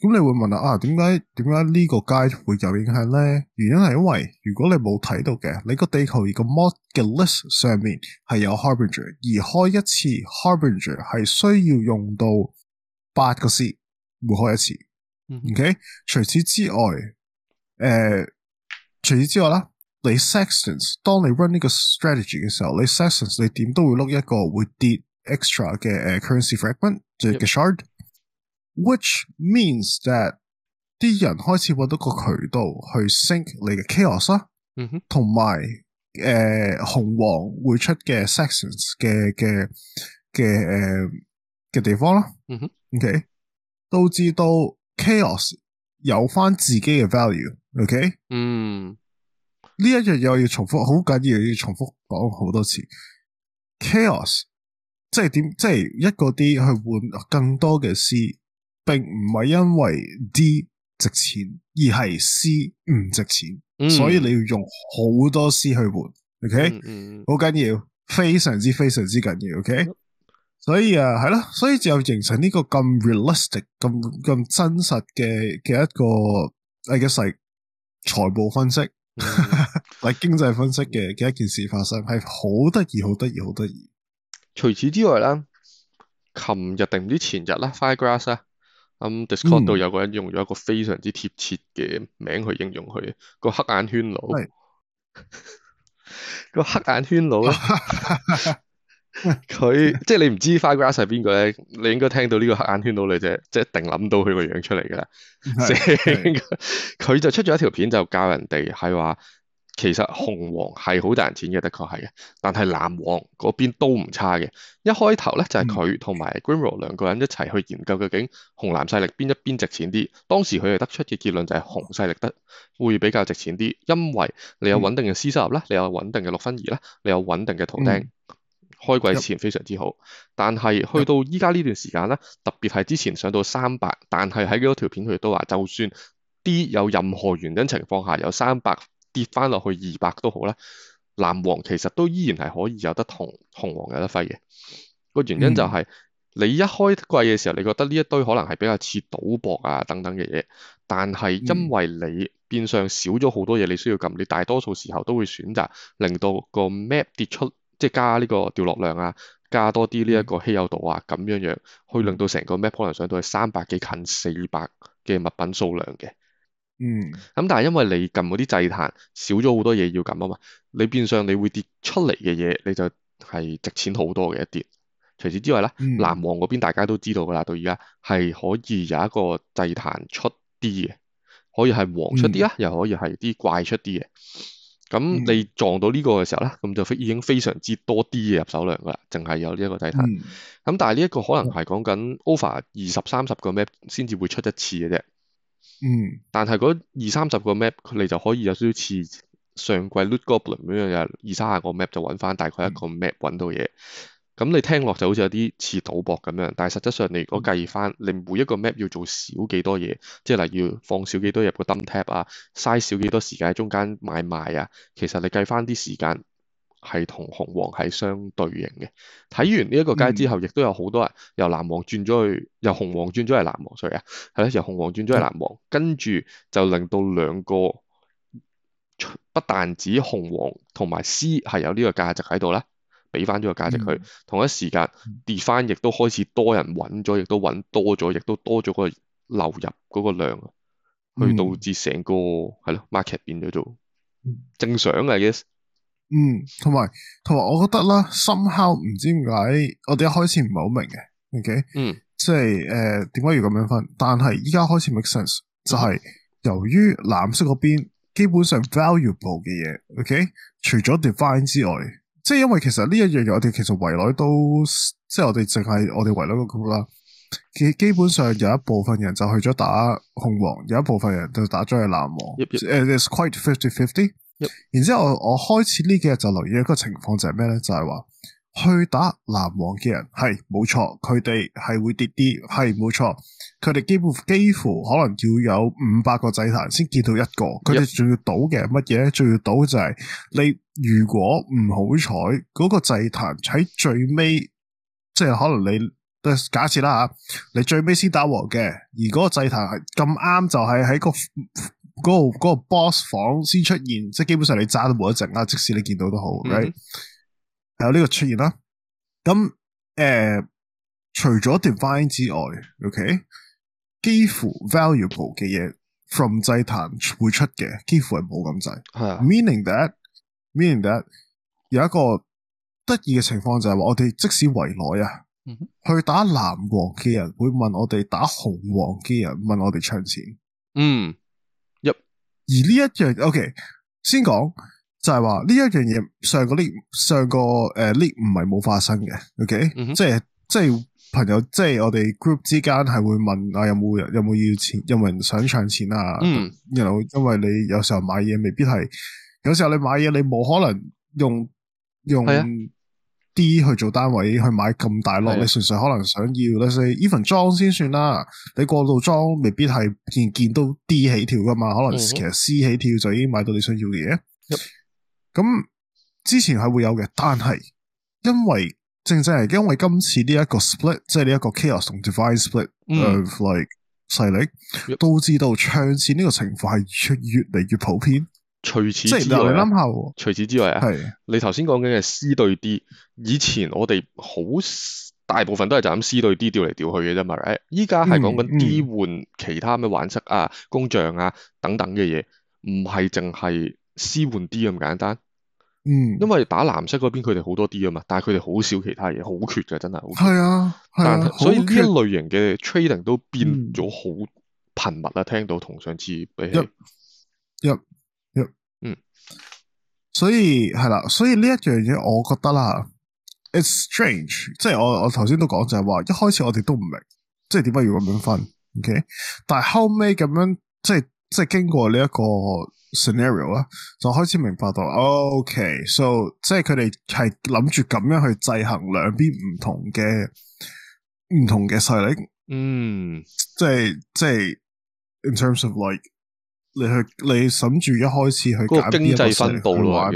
咁你會問啦，啊，點解點解呢個街會有影響咧？原因係因為如果你冇睇到嘅，你個地球而個 mod list 上面係有 harbinger，而開一次 harbinger 係需要用到八個 C，會開一次。OK，除此之外，誒，除此之外啦，你 sections 當你 run 呢個 strategy 嘅時候，你 sections 你點都會碌一個會跌 extra 嘅誒 currency fragment，即係個 shard。which means that 啲人開始揾到個渠道去 sink 你嘅 chaos 啦、mm，同埋誒紅黃會出嘅 sections 嘅嘅嘅誒嘅地方啦，嗯哼、mm hmm.，ok，導致到 chaos 有翻自己嘅 value，ok，、okay? 嗯、mm，呢、hmm. 一樣又要重複好緊要，要重複講好多次，chaos 即係點，即係一個 D 去換更多嘅 c。並唔係因為 D 值錢，而係 C 唔值錢，嗯、所以你要用好多 C 去換，OK？好緊、嗯嗯、要，非常之非常之緊要，OK？、嗯、所以啊，係咯，所以就形成呢個咁 realistic、咁咁真實嘅嘅一個 I guess 係財務分析或、嗯、 <laughs> 經濟分析嘅嘅一件事發生，係好得意、好得意、好得意。除此之外啦，琴日定唔知前日啦，Fire Grass 啊。Um, Discord 度有個人用咗一個非常之貼切嘅名去形容佢，個黑眼圈佬，的 <laughs> 個黑眼圈佬，佢 <laughs> 即係你唔知 Firegrass 係邊個咧？你應該聽到呢個黑眼圈佬你就即係一定諗到佢個樣出嚟噶。成的，佢 <laughs> 就出咗一條片，就教人哋係話。其實紅黃係好賺錢嘅，的確係嘅。但係藍黃嗰邊都唔差嘅。一開頭咧就係佢同埋 Greenro 兩個人一齊去研究，究，究竟紅藍勢力邊一邊值錢啲。當時佢哋得出嘅結論就係紅勢力得會比較值錢啲，因為你有穩定嘅 C 收入咧，嗯、你有穩定嘅六分二咧，你有穩定嘅圖釘開季前非常之好。嗯、但係去到依家呢段時間咧，特別係之前上到三百，但係喺幾多條片佢哋都話，就算 D 有任何原因情況下有三百。跌翻落去二百都好啦，藍黃其實都依然係可以有得同紅黃有得揮嘅，個原因就係、是、你一開季嘅時候，你覺得呢一堆可能係比較似賭博啊等等嘅嘢，但係因為你變相少咗好多嘢你需要撳，你大多數時候都會選擇令到個 map 跌出，即係加呢個掉落量啊，加多啲呢一個稀有度啊，咁樣樣，去令到成個 map 可能上到係三百幾近四百嘅物品數量嘅。嗯，咁但係因為你撳嗰啲祭壇少咗好多嘢要撳啊嘛，你變相你會跌出嚟嘅嘢你就係值錢好多嘅一啲。除此之外咧，藍黃嗰邊大家都知道噶啦，到而家係可以有一個祭壇出啲嘅，可以係黃出啲啦，嗯、又可以係啲怪出啲嘅。咁、嗯嗯、你撞到呢個嘅時候咧，咁就已經非常之多啲嘅入手量噶啦，淨係有呢一個祭壇。咁、嗯嗯、但係呢一個可能係講緊 over 二十三十個 map，先至會出一次嘅啫。嗯，但係嗰二三十個 map，佢你就可以有少少似上季 Loot 嗰個咁樣嘢，二三十個 map 就揾翻大概一個 map 揾到嘢。咁、嗯、你聽落就好似有啲似賭博咁樣，但係實質上你如果計翻，你每一個 map 要做少幾多嘢，即係例如放少幾多少入個 dump tab 啊，嘥少幾多少時間喺中間買賣啊，其實你計翻啲時間。係同紅黃係相對應嘅。睇完呢一個街之後，亦都有好多人由藍黃轉咗去，由紅黃轉咗去藍黃，所以啊，係咯，由紅黃轉咗去藍黃，跟住就令到兩個不但止紅黃同埋 C 係有呢個價值喺度啦，俾翻咗個價值佢。嗯、同一時間 Divine，亦都、嗯、開始多人揾咗，亦都揾多咗，亦都多咗嗰個流入嗰個量，去導致成個係咯、嗯、market 變咗做正常嘅 g、嗯 yes. 嗯，同埋，同埋，我覺得啦，somehow 唔知點解，我哋一開始唔係好明嘅，OK，嗯、就是，即係誒，點解要咁樣分？但係依家開始 make sense，就係由於藍色嗰邊基本上 valuable 嘅嘢，OK，除咗 define 之外，即係因為其實呢一樣嘢，我哋其實圍內都，即係我哋淨係我哋圍內個局啦，基基本上有一部分人就去咗打紅王，有一部分人就打咗去藍王，誒 Yep, yep. is quite fifty fifty。50? 然之後我，我開始呢幾日就留意一個情況，就係咩咧？就係、是、話去打藍王嘅人係冇錯，佢哋係會跌啲，係冇錯。佢哋基本幾乎可能要有五百個祭壇先見到一個。佢哋仲要賭嘅係乜嘢？仲要賭就係你如果唔好彩嗰個祭壇喺最尾，即係可能你假假設啦吓，你最尾先打王嘅，而嗰個祭壇係咁啱就係喺個。嗰、那個、那個 boss 房先出現，即係基本上你揸都冇一陣啦。即使你見到都好，係、mm hmm. right? 有呢個出現啦。咁誒、呃，除咗 divine 之外，ok，幾乎 valuable 嘅嘢 from 祭壇會出嘅，幾乎係冇咁滯。係 meaning that，meaning that 有一個得意嘅情況就係話，我哋即使圍內啊，mm hmm. 去打藍王嘅人會問我哋打紅王嘅人問我哋出錢，嗯、mm。Hmm. 而呢一樣嘢 OK，先講就係話呢一樣嘢，上個 league 上個誒 league 唔係冇發生嘅 OK，、mm hmm. 即係，即係朋友即係我哋 group 之間係會問啊，有冇人有冇要錢，有冇人想搶錢啊？嗯、mm，然、hmm. 後 you know, 因為你有時候買嘢未必係，有時候你買嘢你冇可能用用。Yeah. D 去做單位去買咁大落，是的 你純粹可能想要咧，even <noise> 裝先算啦。你過到裝未必係見到 D 起跳噶嘛，可能其實 C 起跳就已經買到你想要嘅嘢。咁、嗯嗯、之前係會有嘅，但係因為正正係因為今次呢一個 split，即係呢一個 chaos 同 divine split of like 勢力，導致到唱線呢個情況係越越嚟越普遍。除此之外，除此之外啊，係你頭先講緊嘅 C 對 D，以前我哋好大部分都係就咁 C 對 D 調嚟調去嘅啫嘛。誒、嗯，依家係講緊 D 換其他咩玩室啊、工匠啊等等嘅嘢，唔係淨係 C 換 D 咁簡單。嗯，因為打藍色嗰邊佢哋好多 D 啊嘛，但係佢哋好少其他嘢，好缺嘅真係好缺。係啊，啊但啊，所以呢一類型嘅 trading 都變咗好、啊、頻密啦、嗯嗯嗯，聽到同上次比起一。嗯嗯嗯所，所以係啦，所以呢一樣嘢，我覺得啦，it's strange，即係我我頭先都講就係話，一開始我哋都唔明，即係點解要咁樣分，ok？但係後尾咁樣，即係即係經過呢一個 scenario 啦，就開始明白到，ok，so，即係佢哋係諗住咁樣去制衡兩邊唔同嘅唔同嘅勢力，嗯，即係即係，in terms of like。你去你諗住一開始去改變呢個經濟分佈咯，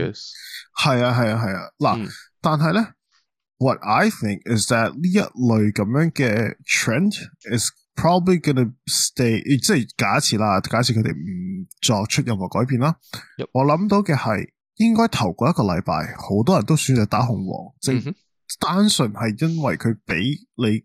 係啊，係啊，係啊。嗱、啊，啊啊嗯、但係咧，what I think is that 呢一類咁樣嘅 trend is probably gonna stay。即係假設啦，假設佢哋唔作出任何改變啦。Yep. 我諗到嘅係，應該頭嗰一個禮拜，好多人都選擇打紅黃，嗯、哼即係單純係因為佢畀你。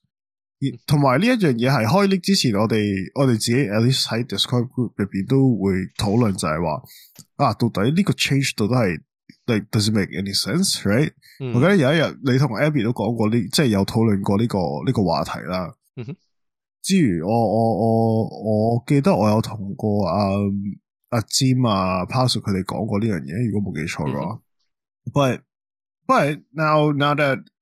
同埋呢一樣嘢係開 league 之前，我哋我哋自己 at least 喺 describe group 入邊都會討論，就係話啊，到底呢個 change 到底係，does it make any sense right？我記得有一日你同 Abby 都講過呢，即係有討論過呢個呢個話題啦。之餘我我我我記得我有同過啊啊 Jim 啊 Paul 佢哋講過呢樣嘢，如果冇記錯嘅話。But but now now that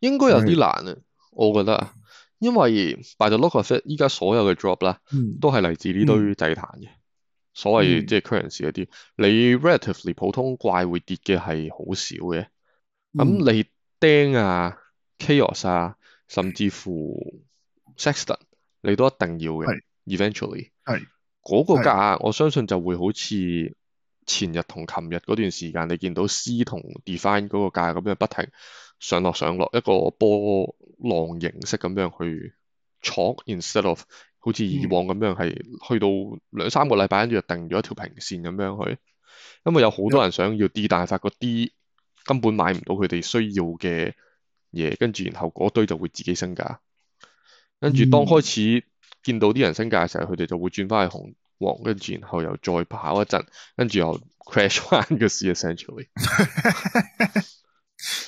應該有啲難啊，的我覺得，因為、嗯、by the look of it，依家所有嘅 drop 啦、嗯，都係嚟自呢堆祭壇嘅，嗯、所謂即係 currency 嗰啲，你 relatively 普通怪會跌嘅係好少嘅，咁、嗯嗯、你釘啊 Chaos 啊，甚至乎 s,、嗯、Sextant 你都一定要嘅、嗯，eventually，嗰、嗯、個價，我相信就會好似前日同琴日嗰段時間，你見到 C 同 Divine 嗰個價咁樣不停。上落上落一個波浪形式咁樣去錯，instead of 好似以往咁樣係去到兩三個禮拜，跟住就定咗一條平線咁樣去。因為有好多人想要 D，但係發覺 D 根本買唔到佢哋需要嘅嘢，跟住然後嗰堆就會自己升價。跟住當開始見到啲人升價嘅時候，佢哋、嗯、就會轉翻去紅黃，跟住然後又再跑一陣，跟住又 crash 翻嘅事，essentially。 <laughs>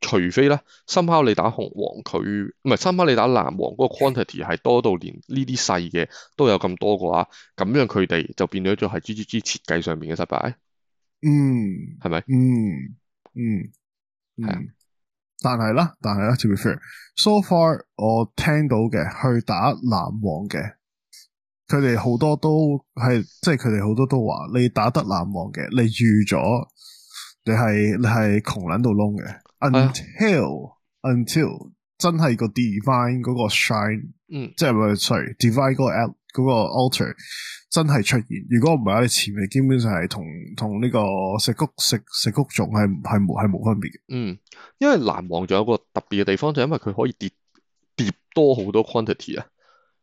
除非咧，深拋你打紅黃，佢唔係深拋你打藍黃嗰個 quantity 係多到連呢啲細嘅都有咁多嘅話，咁樣佢哋就變咗做係 GGG 設計上面嘅失敗。嗯，係咪？嗯，嗯嗯係啊，但係啦，但係啦，to be fair, so far 我聽到嘅去打藍黃嘅，佢哋好多都係即係佢哋好多都話你打得藍黃嘅，你預咗你係你係窮撚到窿嘅。until until 真係個 divine 嗰個 shine，、嗯、即係咪 sorry divine 嗰個嗰、嗰個 alter 真係出現。如果唔係喺前面，基本上係同同呢個石谷石石谷仲係係無係無分別嘅。嗯，因為藍王仲有個特別嘅地方，就因為佢可以跌跌多好多 quantity 啊。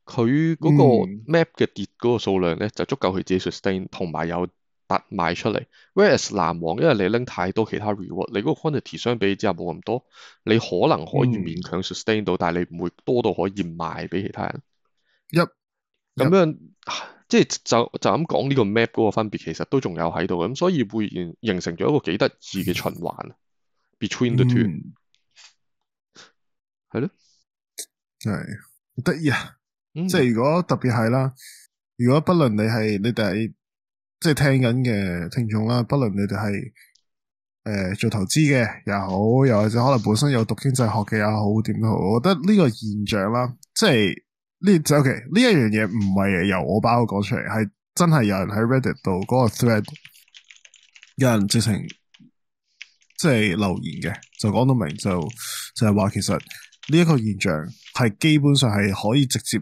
佢嗰個 map 嘅跌嗰個數量咧，就足夠佢自己 sustain 同埋有，有。突賣出嚟，whereas 藍王，因為你拎太多其他 reward，你嗰個 quantity 相比之下冇咁多，你可能可以勉強 sustain 到，嗯、但係你唔會多到可以賣俾其他人。一咁、嗯嗯、樣、嗯、即係就就咁講呢個 map 嗰個分別，其實都仲有喺度嘅，咁所以會形成咗一個幾得意嘅循環、嗯、between the two，係咯、嗯，係得意啊！嗯、即係如果特別係啦，如果不論你係你哋。即係聽緊嘅聽眾啦，不論你哋係誒做投資嘅又好，又或者可能本身有讀經濟學嘅也好，點都好，我覺得呢個現象啦，即係呢就 OK，呢一樣嘢唔係由我把口講出嚟，係真係有人喺 Reddit 度嗰個 thread，有人直情即係留言嘅，就講到明，就就係話其實呢一個現象係基本上係可以直接。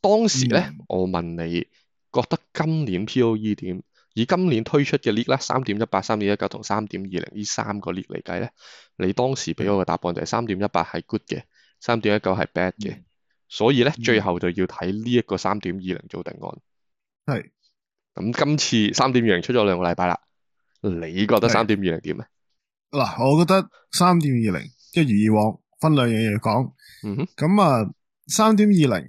當時咧，嗯、我問你覺得今年 POE 點？以今年推出嘅 league 啦，三點一八、三點一九同三點二零呢三個 league 嚟計咧，你當時俾我嘅答案就係三點一八係 good 嘅，三點一九係 bad 嘅，嗯、所以咧最後就要睇呢一個三點二零做定案。係是。咁今次三點二零出咗兩個禮拜啦，你覺得三點二零點咧？嗱，我覺得三點二零一如以往分兩樣嘢講。嗯哼。咁啊，三點二零。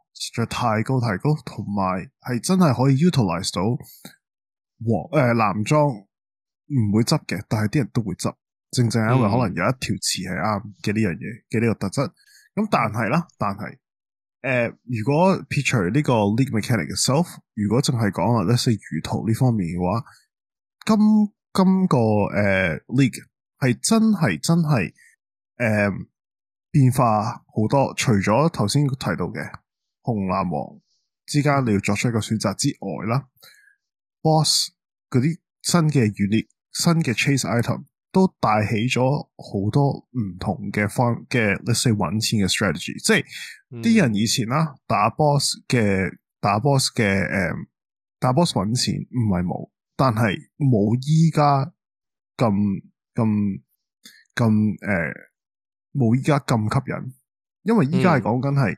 實在太高太高，同埋係真係可以 utilize 到黃，黃誒男裝唔會執嘅，但係啲人都會執，正正係因為可能有一條詞係啱嘅呢樣嘢嘅呢個特質。咁但係啦，但係誒、呃，如果撇除呢個 league mechanic itself，如果淨係講啊，let’s 如圖呢方面嘅話，今今個誒 league 係真係真係誒、呃、變化好多，除咗頭先提到嘅。紅藍王之間你要作出一個選擇之外啦、嗯、，boss 嗰啲新嘅序列、新嘅 chase item 都帶起咗好多唔同嘅方嘅 let's say 揾錢嘅 strategy。即係啲人以前啦打 boss 嘅、打 boss 嘅、誒打 boss 揾錢唔係冇，但係冇依家咁咁咁誒冇依家咁吸引，因為依家係講緊係。嗯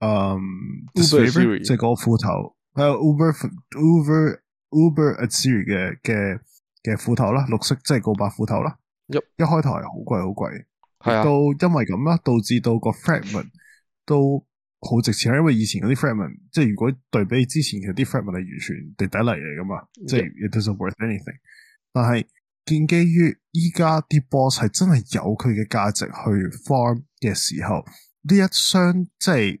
誒，即係個斧頭，係 uber uber uber Atziri 嘅嘅嘅斧頭啦，綠色即係個把斧頭啦，一一開頭係好貴好貴，到因為咁啦，導致到個 fragment 都好值錢，因為以前嗰啲 fragment，即係如果對比之前嘅啲 fragment 係完全地底嚟嘅嘛，即係 it doesn't worth anything。但係建基於依家啲 boss 係真係有佢嘅價值去 farm 嘅時候，呢一雙即係。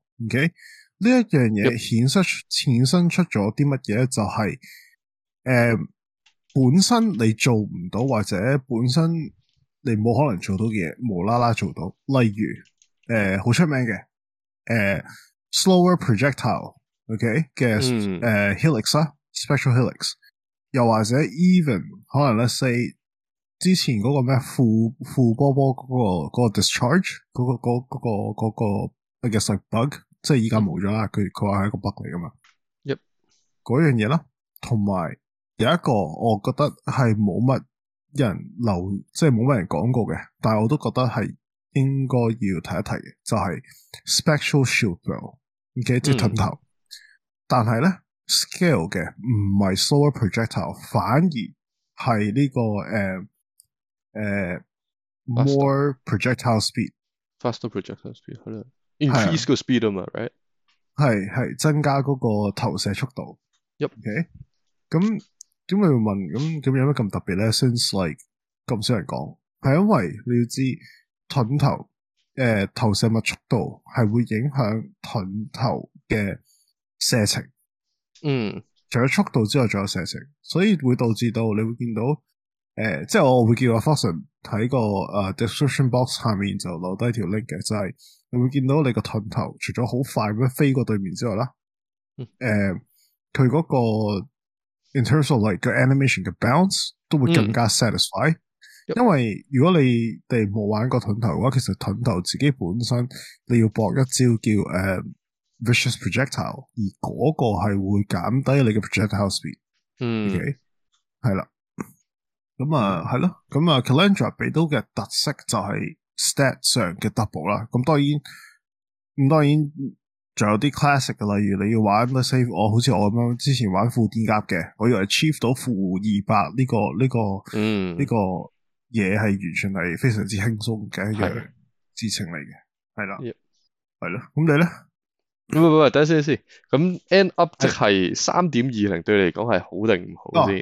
OK，呢一樣嘢衍生出衍生出咗啲乜嘢？就係誒本身你做唔到，或者本身你冇可能做到嘅嘢，無啦啦做到。例如誒好出名嘅誒 slower projectile，OK 嘅誒 helix 啊，spectral helix，又或者 even 可能 let's say 之前嗰個咩負負波波嗰個 discharge 嗰個嗰嗰 i guess like bug。即係依家冇咗啦，佢佢話係一個 bug 嚟噶嘛。一嗰樣嘢啦，同埋有一個我覺得係冇乜人留意，即係冇乜人講過嘅，但係我都覺得係應該要提一提嘅，就係 Spectral Shield Throw 嘅直噴頭。但係咧 scale 嘅唔係 slower projectile，反而係呢個誒誒 more projectile speed，faster projectile speed，係咯。increase 嗰個 speed 啊嘛，right 係係增加嗰個投射速度。Okay 咁咁點解要問咁咁有乜咁特別咧？Since like 咁少人講，係因為你要知盾頭誒、呃、投射物速度係會影響盾頭嘅射程。嗯，mm. 除咗速度之外，仲有射程，所以會導致到你會見到誒、呃，即係我會叫阿 Faxon 睇個誒、uh, description box 下面就留低條 link 嘅，就係、是。你會見到你個盾頭除咗好快咁樣飛過對面之外啦，誒、mm. uh, 那個，佢嗰個 interior 嘅 animation 嘅 bounce 都會更加 satisfy 因為如果你哋冇玩過盾頭嘅話，其實盾頭自己本身你要搏一招叫誒、uh, vicious projectile，而嗰個係會減低你嘅 projectile speed，嗯，係啦、mm. okay?，咁啊係咯，咁、mm. 啊 Kalandra 俾到嘅特色就係、是。stat 上嘅 double 啦，咁當然，咁當然，仲有啲 classic 嘅，例如你要玩 save 我好似我咁樣之前玩負電夾嘅，我以為 achieve 到負二百呢個呢、呢個呢、嗯、個嘢係完全係非常之輕鬆嘅一樣知情嚟嘅。係啦，係咯，咁你咧？喂喂喂，等下先先。咁 end up 即係三點二零，對你嚟講係好定唔好先？Oh.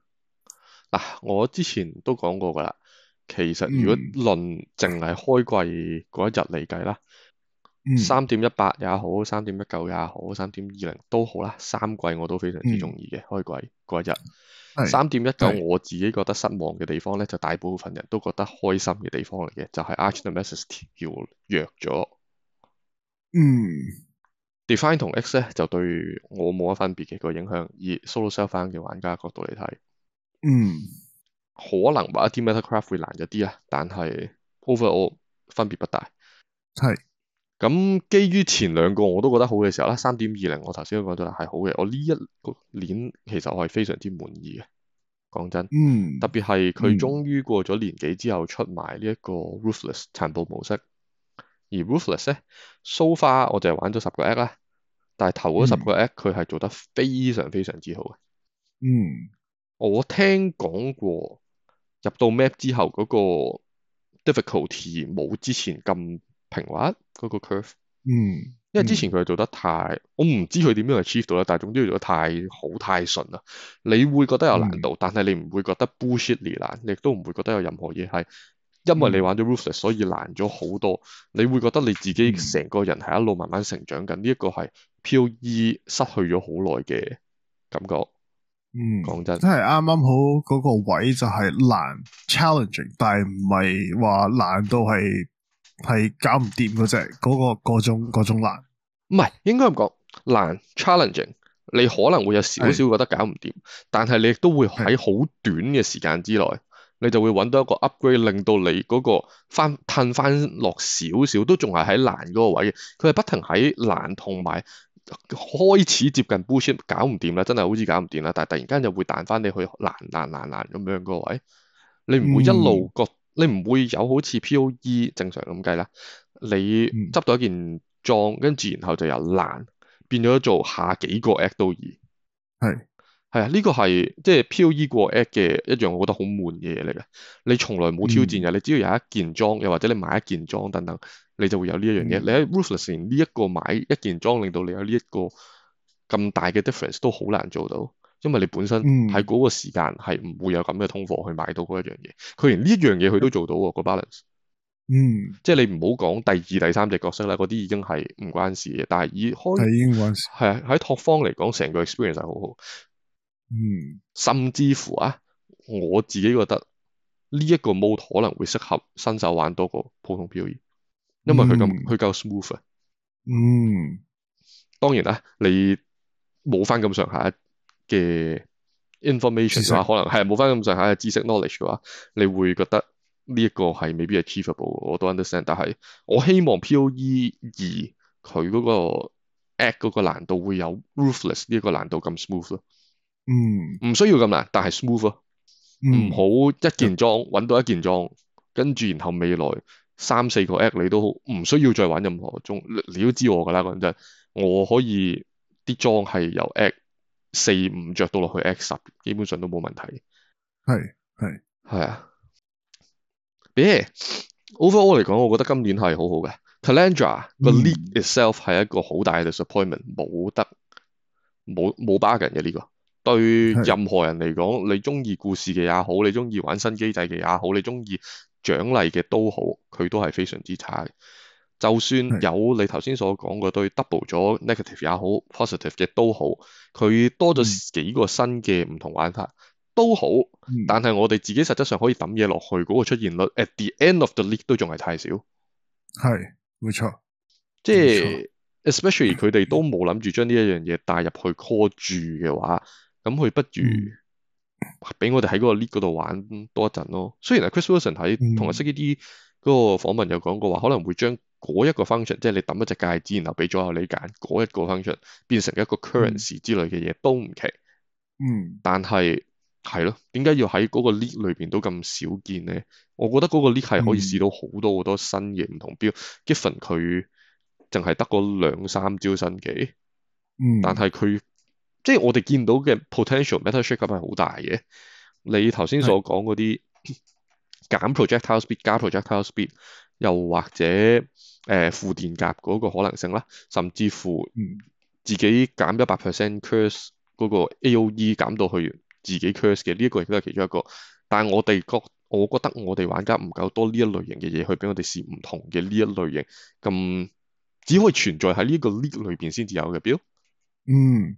嗱、啊，我之前都講過㗎喇，其實如果論淨係開季嗰一日嚟計啦，三點一八也好，三點一九也好，三點二零都好啦，三季我都非常之中意嘅。嗯、開季嗰一日，三點一九我自己覺得失望嘅地方咧，是就大部分人都覺得開心嘅地方嚟嘅，就係、是、Archnemesis 叫弱咗。嗯 d e f i n e 同 x 咧就對我冇乜分別嘅個影響，以 solo self found 嘅玩家角度嚟睇。嗯，可能玩一啲 Metacraft 會難一啲啊，但係 overall 分別不大，係是。咁基於前兩個我都覺得好嘅時候啦，三點二零我頭先都講咗啦，係好嘅。我呢一個 league 其實我係非常之滿意嘅，講真。嗯。特別係佢終於過咗年幾之後出埋呢一個 Ruthless 殘暴模式，而 Ruthless 咧，so far 我就係玩咗十個 app 啦，嗯，但係頭嗰十個 app 佢係做得非常非常之好嘅。嗯。我聽講過入到 map 之後嗰、那個 difficulty 冇之前咁平滑嗰、那個 curve，嗯，嗯因為之前佢做得太，我唔知佢點樣去 achieve 到啦，但係總之佢做得太好太順啦，你會覺得有難度，嗯、但係你唔會覺得 bullshit 嚟難，亦都唔會覺得有任何嘢係因為你玩咗 Ruthless 所以難咗好多，嗯、你會覺得你自己成個人係一路慢慢成長緊，呢一、嗯、個係 POE 失去咗好耐嘅感覺。嗯，講真啱啱，真係啱啱好嗰個位就係難 challenging，但係唔係話難到係係搞唔掂嗰隻，嗰、嗰個嗰種嗰種難，唔係應該咁講難 challenging，你可能會有少少覺得搞唔掂，是但係你亦都會喺好短嘅時間之內，是你就會揾到一個 upgrade，令到你嗰、嗰個翻褪翻落少少，都仲係喺難嗰個位嘅，佢係不停喺難同埋。開始接近 bootcamp 搞唔掂啦，真係好似搞唔掂啦。但係突然間又會彈翻你去爛爛爛爛咁樣，各、哎、位，你唔會一路覺，你唔會有好似 P.O.E 正常咁計啦。你執到一件裝，跟住然後就由爛變咗做下幾個 act 都易。係係啊，呢、這個係即係、就是、P.O.E 過 act 嘅一樣，我覺得好悶嘅嘢嚟嘅。你從來冇挑戰嘅，你只要有一件裝，又或者你買一件裝等等。你就會有呢一樣嘢。嗯、你喺 Ruthless 連呢一個買一件裝，令到你有呢一個咁大嘅 difference 都好難做到，因為你本身喺嗰個時間係唔會有咁嘅通貨去買到嗰一樣嘢。佢、嗯、連呢樣嘢佢都做到個 balance。嗯，即係你唔好講第二、第三隻角色咧，嗰啲已經係唔關事嘅。但係以開已經關事係啊！喺拓荒嚟講，成個 experience 係好好。嗯，甚至乎啊，我自己覺得呢一、這個 mode 可能會適合新手玩多過普通 POE 因為佢咁佢夠 smooth 啊，嗯，嗯當然啦，你冇翻咁上下嘅 information 嘅話，實可能係冇翻咁上下嘅知識 knowledge 嘅話，你會覺得呢一個係未必 achievable，我都 understand，但係我希望 POE 二佢嗰個 act 嗰個難度會有 ruthless 呢一個難度咁 smooth 咯，嗯，唔需要咁難，但係 smooth 咯，唔好、嗯、一件裝揾到一件裝，跟住然後未來。三四個 Act 你都好，唔需要再玩任何裝，你都知我噶啦嗰陣，我可以啲、那個、裝係由 Act 四、五着到落去 Act 十，基本上都冇問題。係係係啊，別、yeah, overall 嚟講，我覺得今年係好好嘅。Talendra 個、嗯、league itself 係一個好大嘅 disappointment 冇得冇冇 bug 嘅呢個，對任何人嚟講，是你中意故事嘅也好，你中意玩新機制嘅也好，你中意。獎勵嘅都好，佢都係非常之差嘅。就算有你頭先所講嗰對 double 咗 negative 也好，positive 嘅都好，佢多咗幾個新嘅唔同玩法、嗯、都好，但係我哋自己實質上可以抌嘢落去嗰、嗰個出現率、嗯、，at the end of the league 都仲係太少。係，冇錯。即係冇錯 especially 佢哋都冇諗住將呢一樣嘢帶入去 call 住嘅話，咁佢不如、嗯。俾我哋喺嗰個 lead 嗰度玩多一陣咯。雖然啊，Chris Wilson 喺同我識呢啲嗰個訪問有講過話，可能會將嗰一個 function，即係你抌一隻戒指，然後俾左右你揀嗰一個 function，變成一個 currency 之類嘅嘢都唔奇。嗯。嗯但係係咯，點解要喺嗰個 lead 裏邊都咁少見咧？我覺得嗰個 lead 係可以試到好多好多新嘅唔同標。Giffen 佢淨係得嗰兩三招新技。嗯、但係佢。即係我哋見到嘅 potential meta shakeup 係好大嘅。你頭先所講嗰啲減 projectile speed、加 projectile speed，又或者誒負、呃、電夾嗰個可能性啦，甚至乎自己減一百 percent curse 嗰個 A O E 減到去自己 curse 嘅呢一、這個亦都係其中一個。但係我哋覺我覺得我哋玩家唔夠多呢一類型嘅嘢去俾我哋試唔同嘅呢一類型，咁只可以存在喺呢個 league 裏邊先至有嘅表嗯。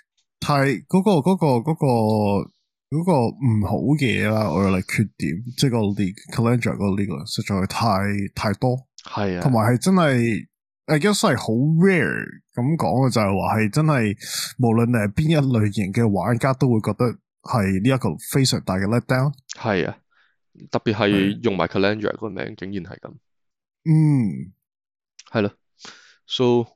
太嗰、那個嗰、那個嗰、那個、那個唔好嘢啦，我或者缺點，即係、那個 Kalandra 個個實在太太多，係啊，同埋係真係，I guess 係好 rare 咁講嘅，就係話係真係，無論你係邊一類型嘅玩家都會覺得係呢一個非常大嘅 let down，係啊，特別係用埋 Kalandra 個名竟然係咁，嗯，係咯、啊，so。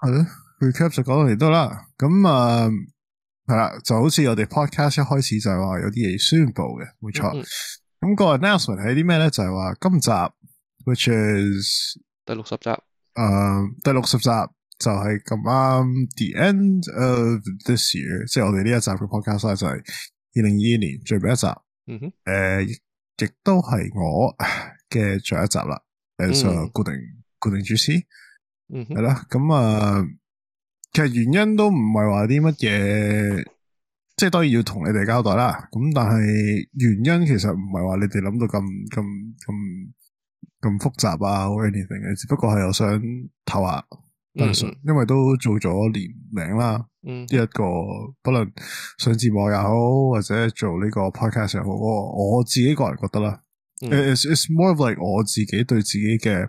係咯，recap 就講到嚟都啦。咁啊、uh, uh, yeah, like right? mm，係啦，就好似我哋 podcast 一開始就係話有啲嘢要宣布嘅，冇錯。咁個 announcement 係啲咩咧？就係話今集，which is 第六十集。誒、uh，第六十集就係咁啱 the end of this year，即係我哋呢一集嘅 podcast 咧、uh, mm，就係二零二二年最尾一集。誒，亦都係我嘅最後一集啦，as 固定固定主持。嗯，係啦、mm，咁、hmm. 啊、呃，其實原因都唔係話啲乜嘢，即係當然要同你哋交代啦。咁但係原因其實唔係話你哋諗到咁咁咁咁複雜啊，或 anything 嘅，只不過係我想唞下，mm hmm. 因為都做咗年名啦。嗯、mm，hmm. 一個不論上節目又好，或者做呢個 podcast 又好，我我自己個人覺得啦、mm hmm.，it's, it's more of like 我自己對自己嘅。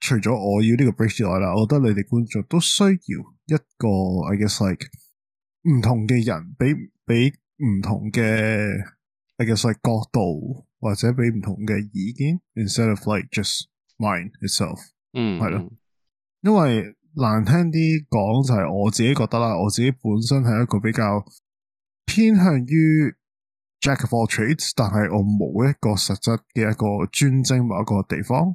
除咗我要呢個 break 之外啦，我覺得你哋觀眾都需要一個，I guess like 唔同嘅人俾俾唔同嘅，I guess like 角度或者俾唔同嘅意見，instead of like just mind itself、mm。嗯，係咯，因為難聽啲講就係、是、我自己覺得啦，我自己本身係一個比較偏向於 jack of all trades，但係我冇一個實質嘅一個專精某一個地方。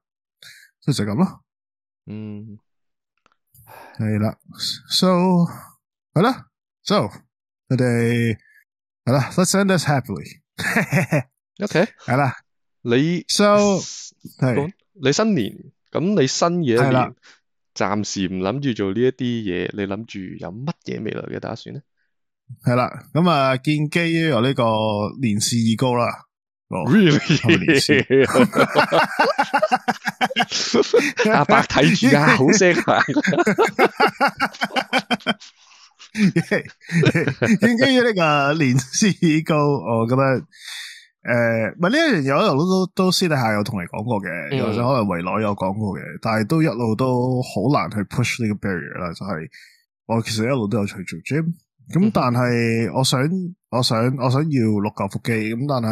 就係咁咯，嗯，係啦，so 係啦，so 我哋係啦，let's end this happily. <laughs> ，OK，係啦，你 so 係你新年咁的，你新嘢暫時唔諗住做呢一啲嘢，你諗住有乜嘢未來嘅打算咧？係啦，咁啊建基於我呢個年事已高啦。really？ <laughs> <laughs> 阿伯睇住啊，好聲啊！正經要呢個年事高，我覺得，誒，係、呃、呢一樣嘢，我一路都都私底下有同你講過嘅，又或者可能圍內有講過嘅，但係都一路都好難去 push 呢個 barrier 啦，就係、是、我其實一路都有隨做 gym，咁但係我想、mm hmm. 我想我想，我想要六嚿腹肌，咁但係。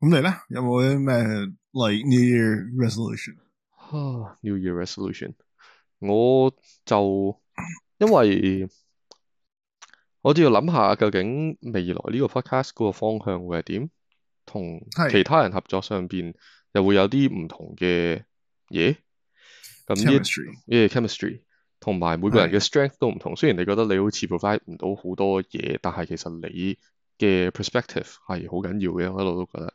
咁你咧有冇啲咩 like New Year resolution？哈，啊，New Year resolution，我就因為我都要諗下究竟未來呢個 podcast 嗰個方向會係點，同其他人合作上邊又會有啲唔同嘅嘢。咁呢啲 chemistry，同埋每個人嘅 strength 都唔同。 <music> 雖然你覺得你好似 provide 唔到好多嘢，但係其實你嘅 perspective 係好緊要嘅，我一路都覺得。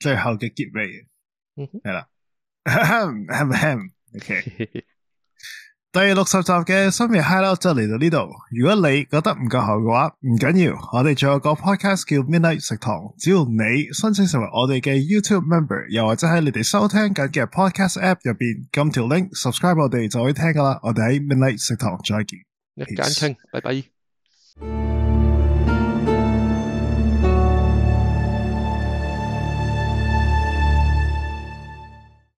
最後嘅結尾係啦，M M，OK。第六十集嘅深夜 hideout 就嚟到呢度。如果你覺得唔夠好嘅話，唔緊要，我哋仲有個 podcast 叫 Midnight 食堂。只要你申請成為我哋嘅 YouTube member，又或者喺你哋收聽緊嘅 podcast app 入邊撳條 link subscribe 我哋就可以聽噶啦。我哋喺 Midnight 食堂再見，一間聽，拜拜。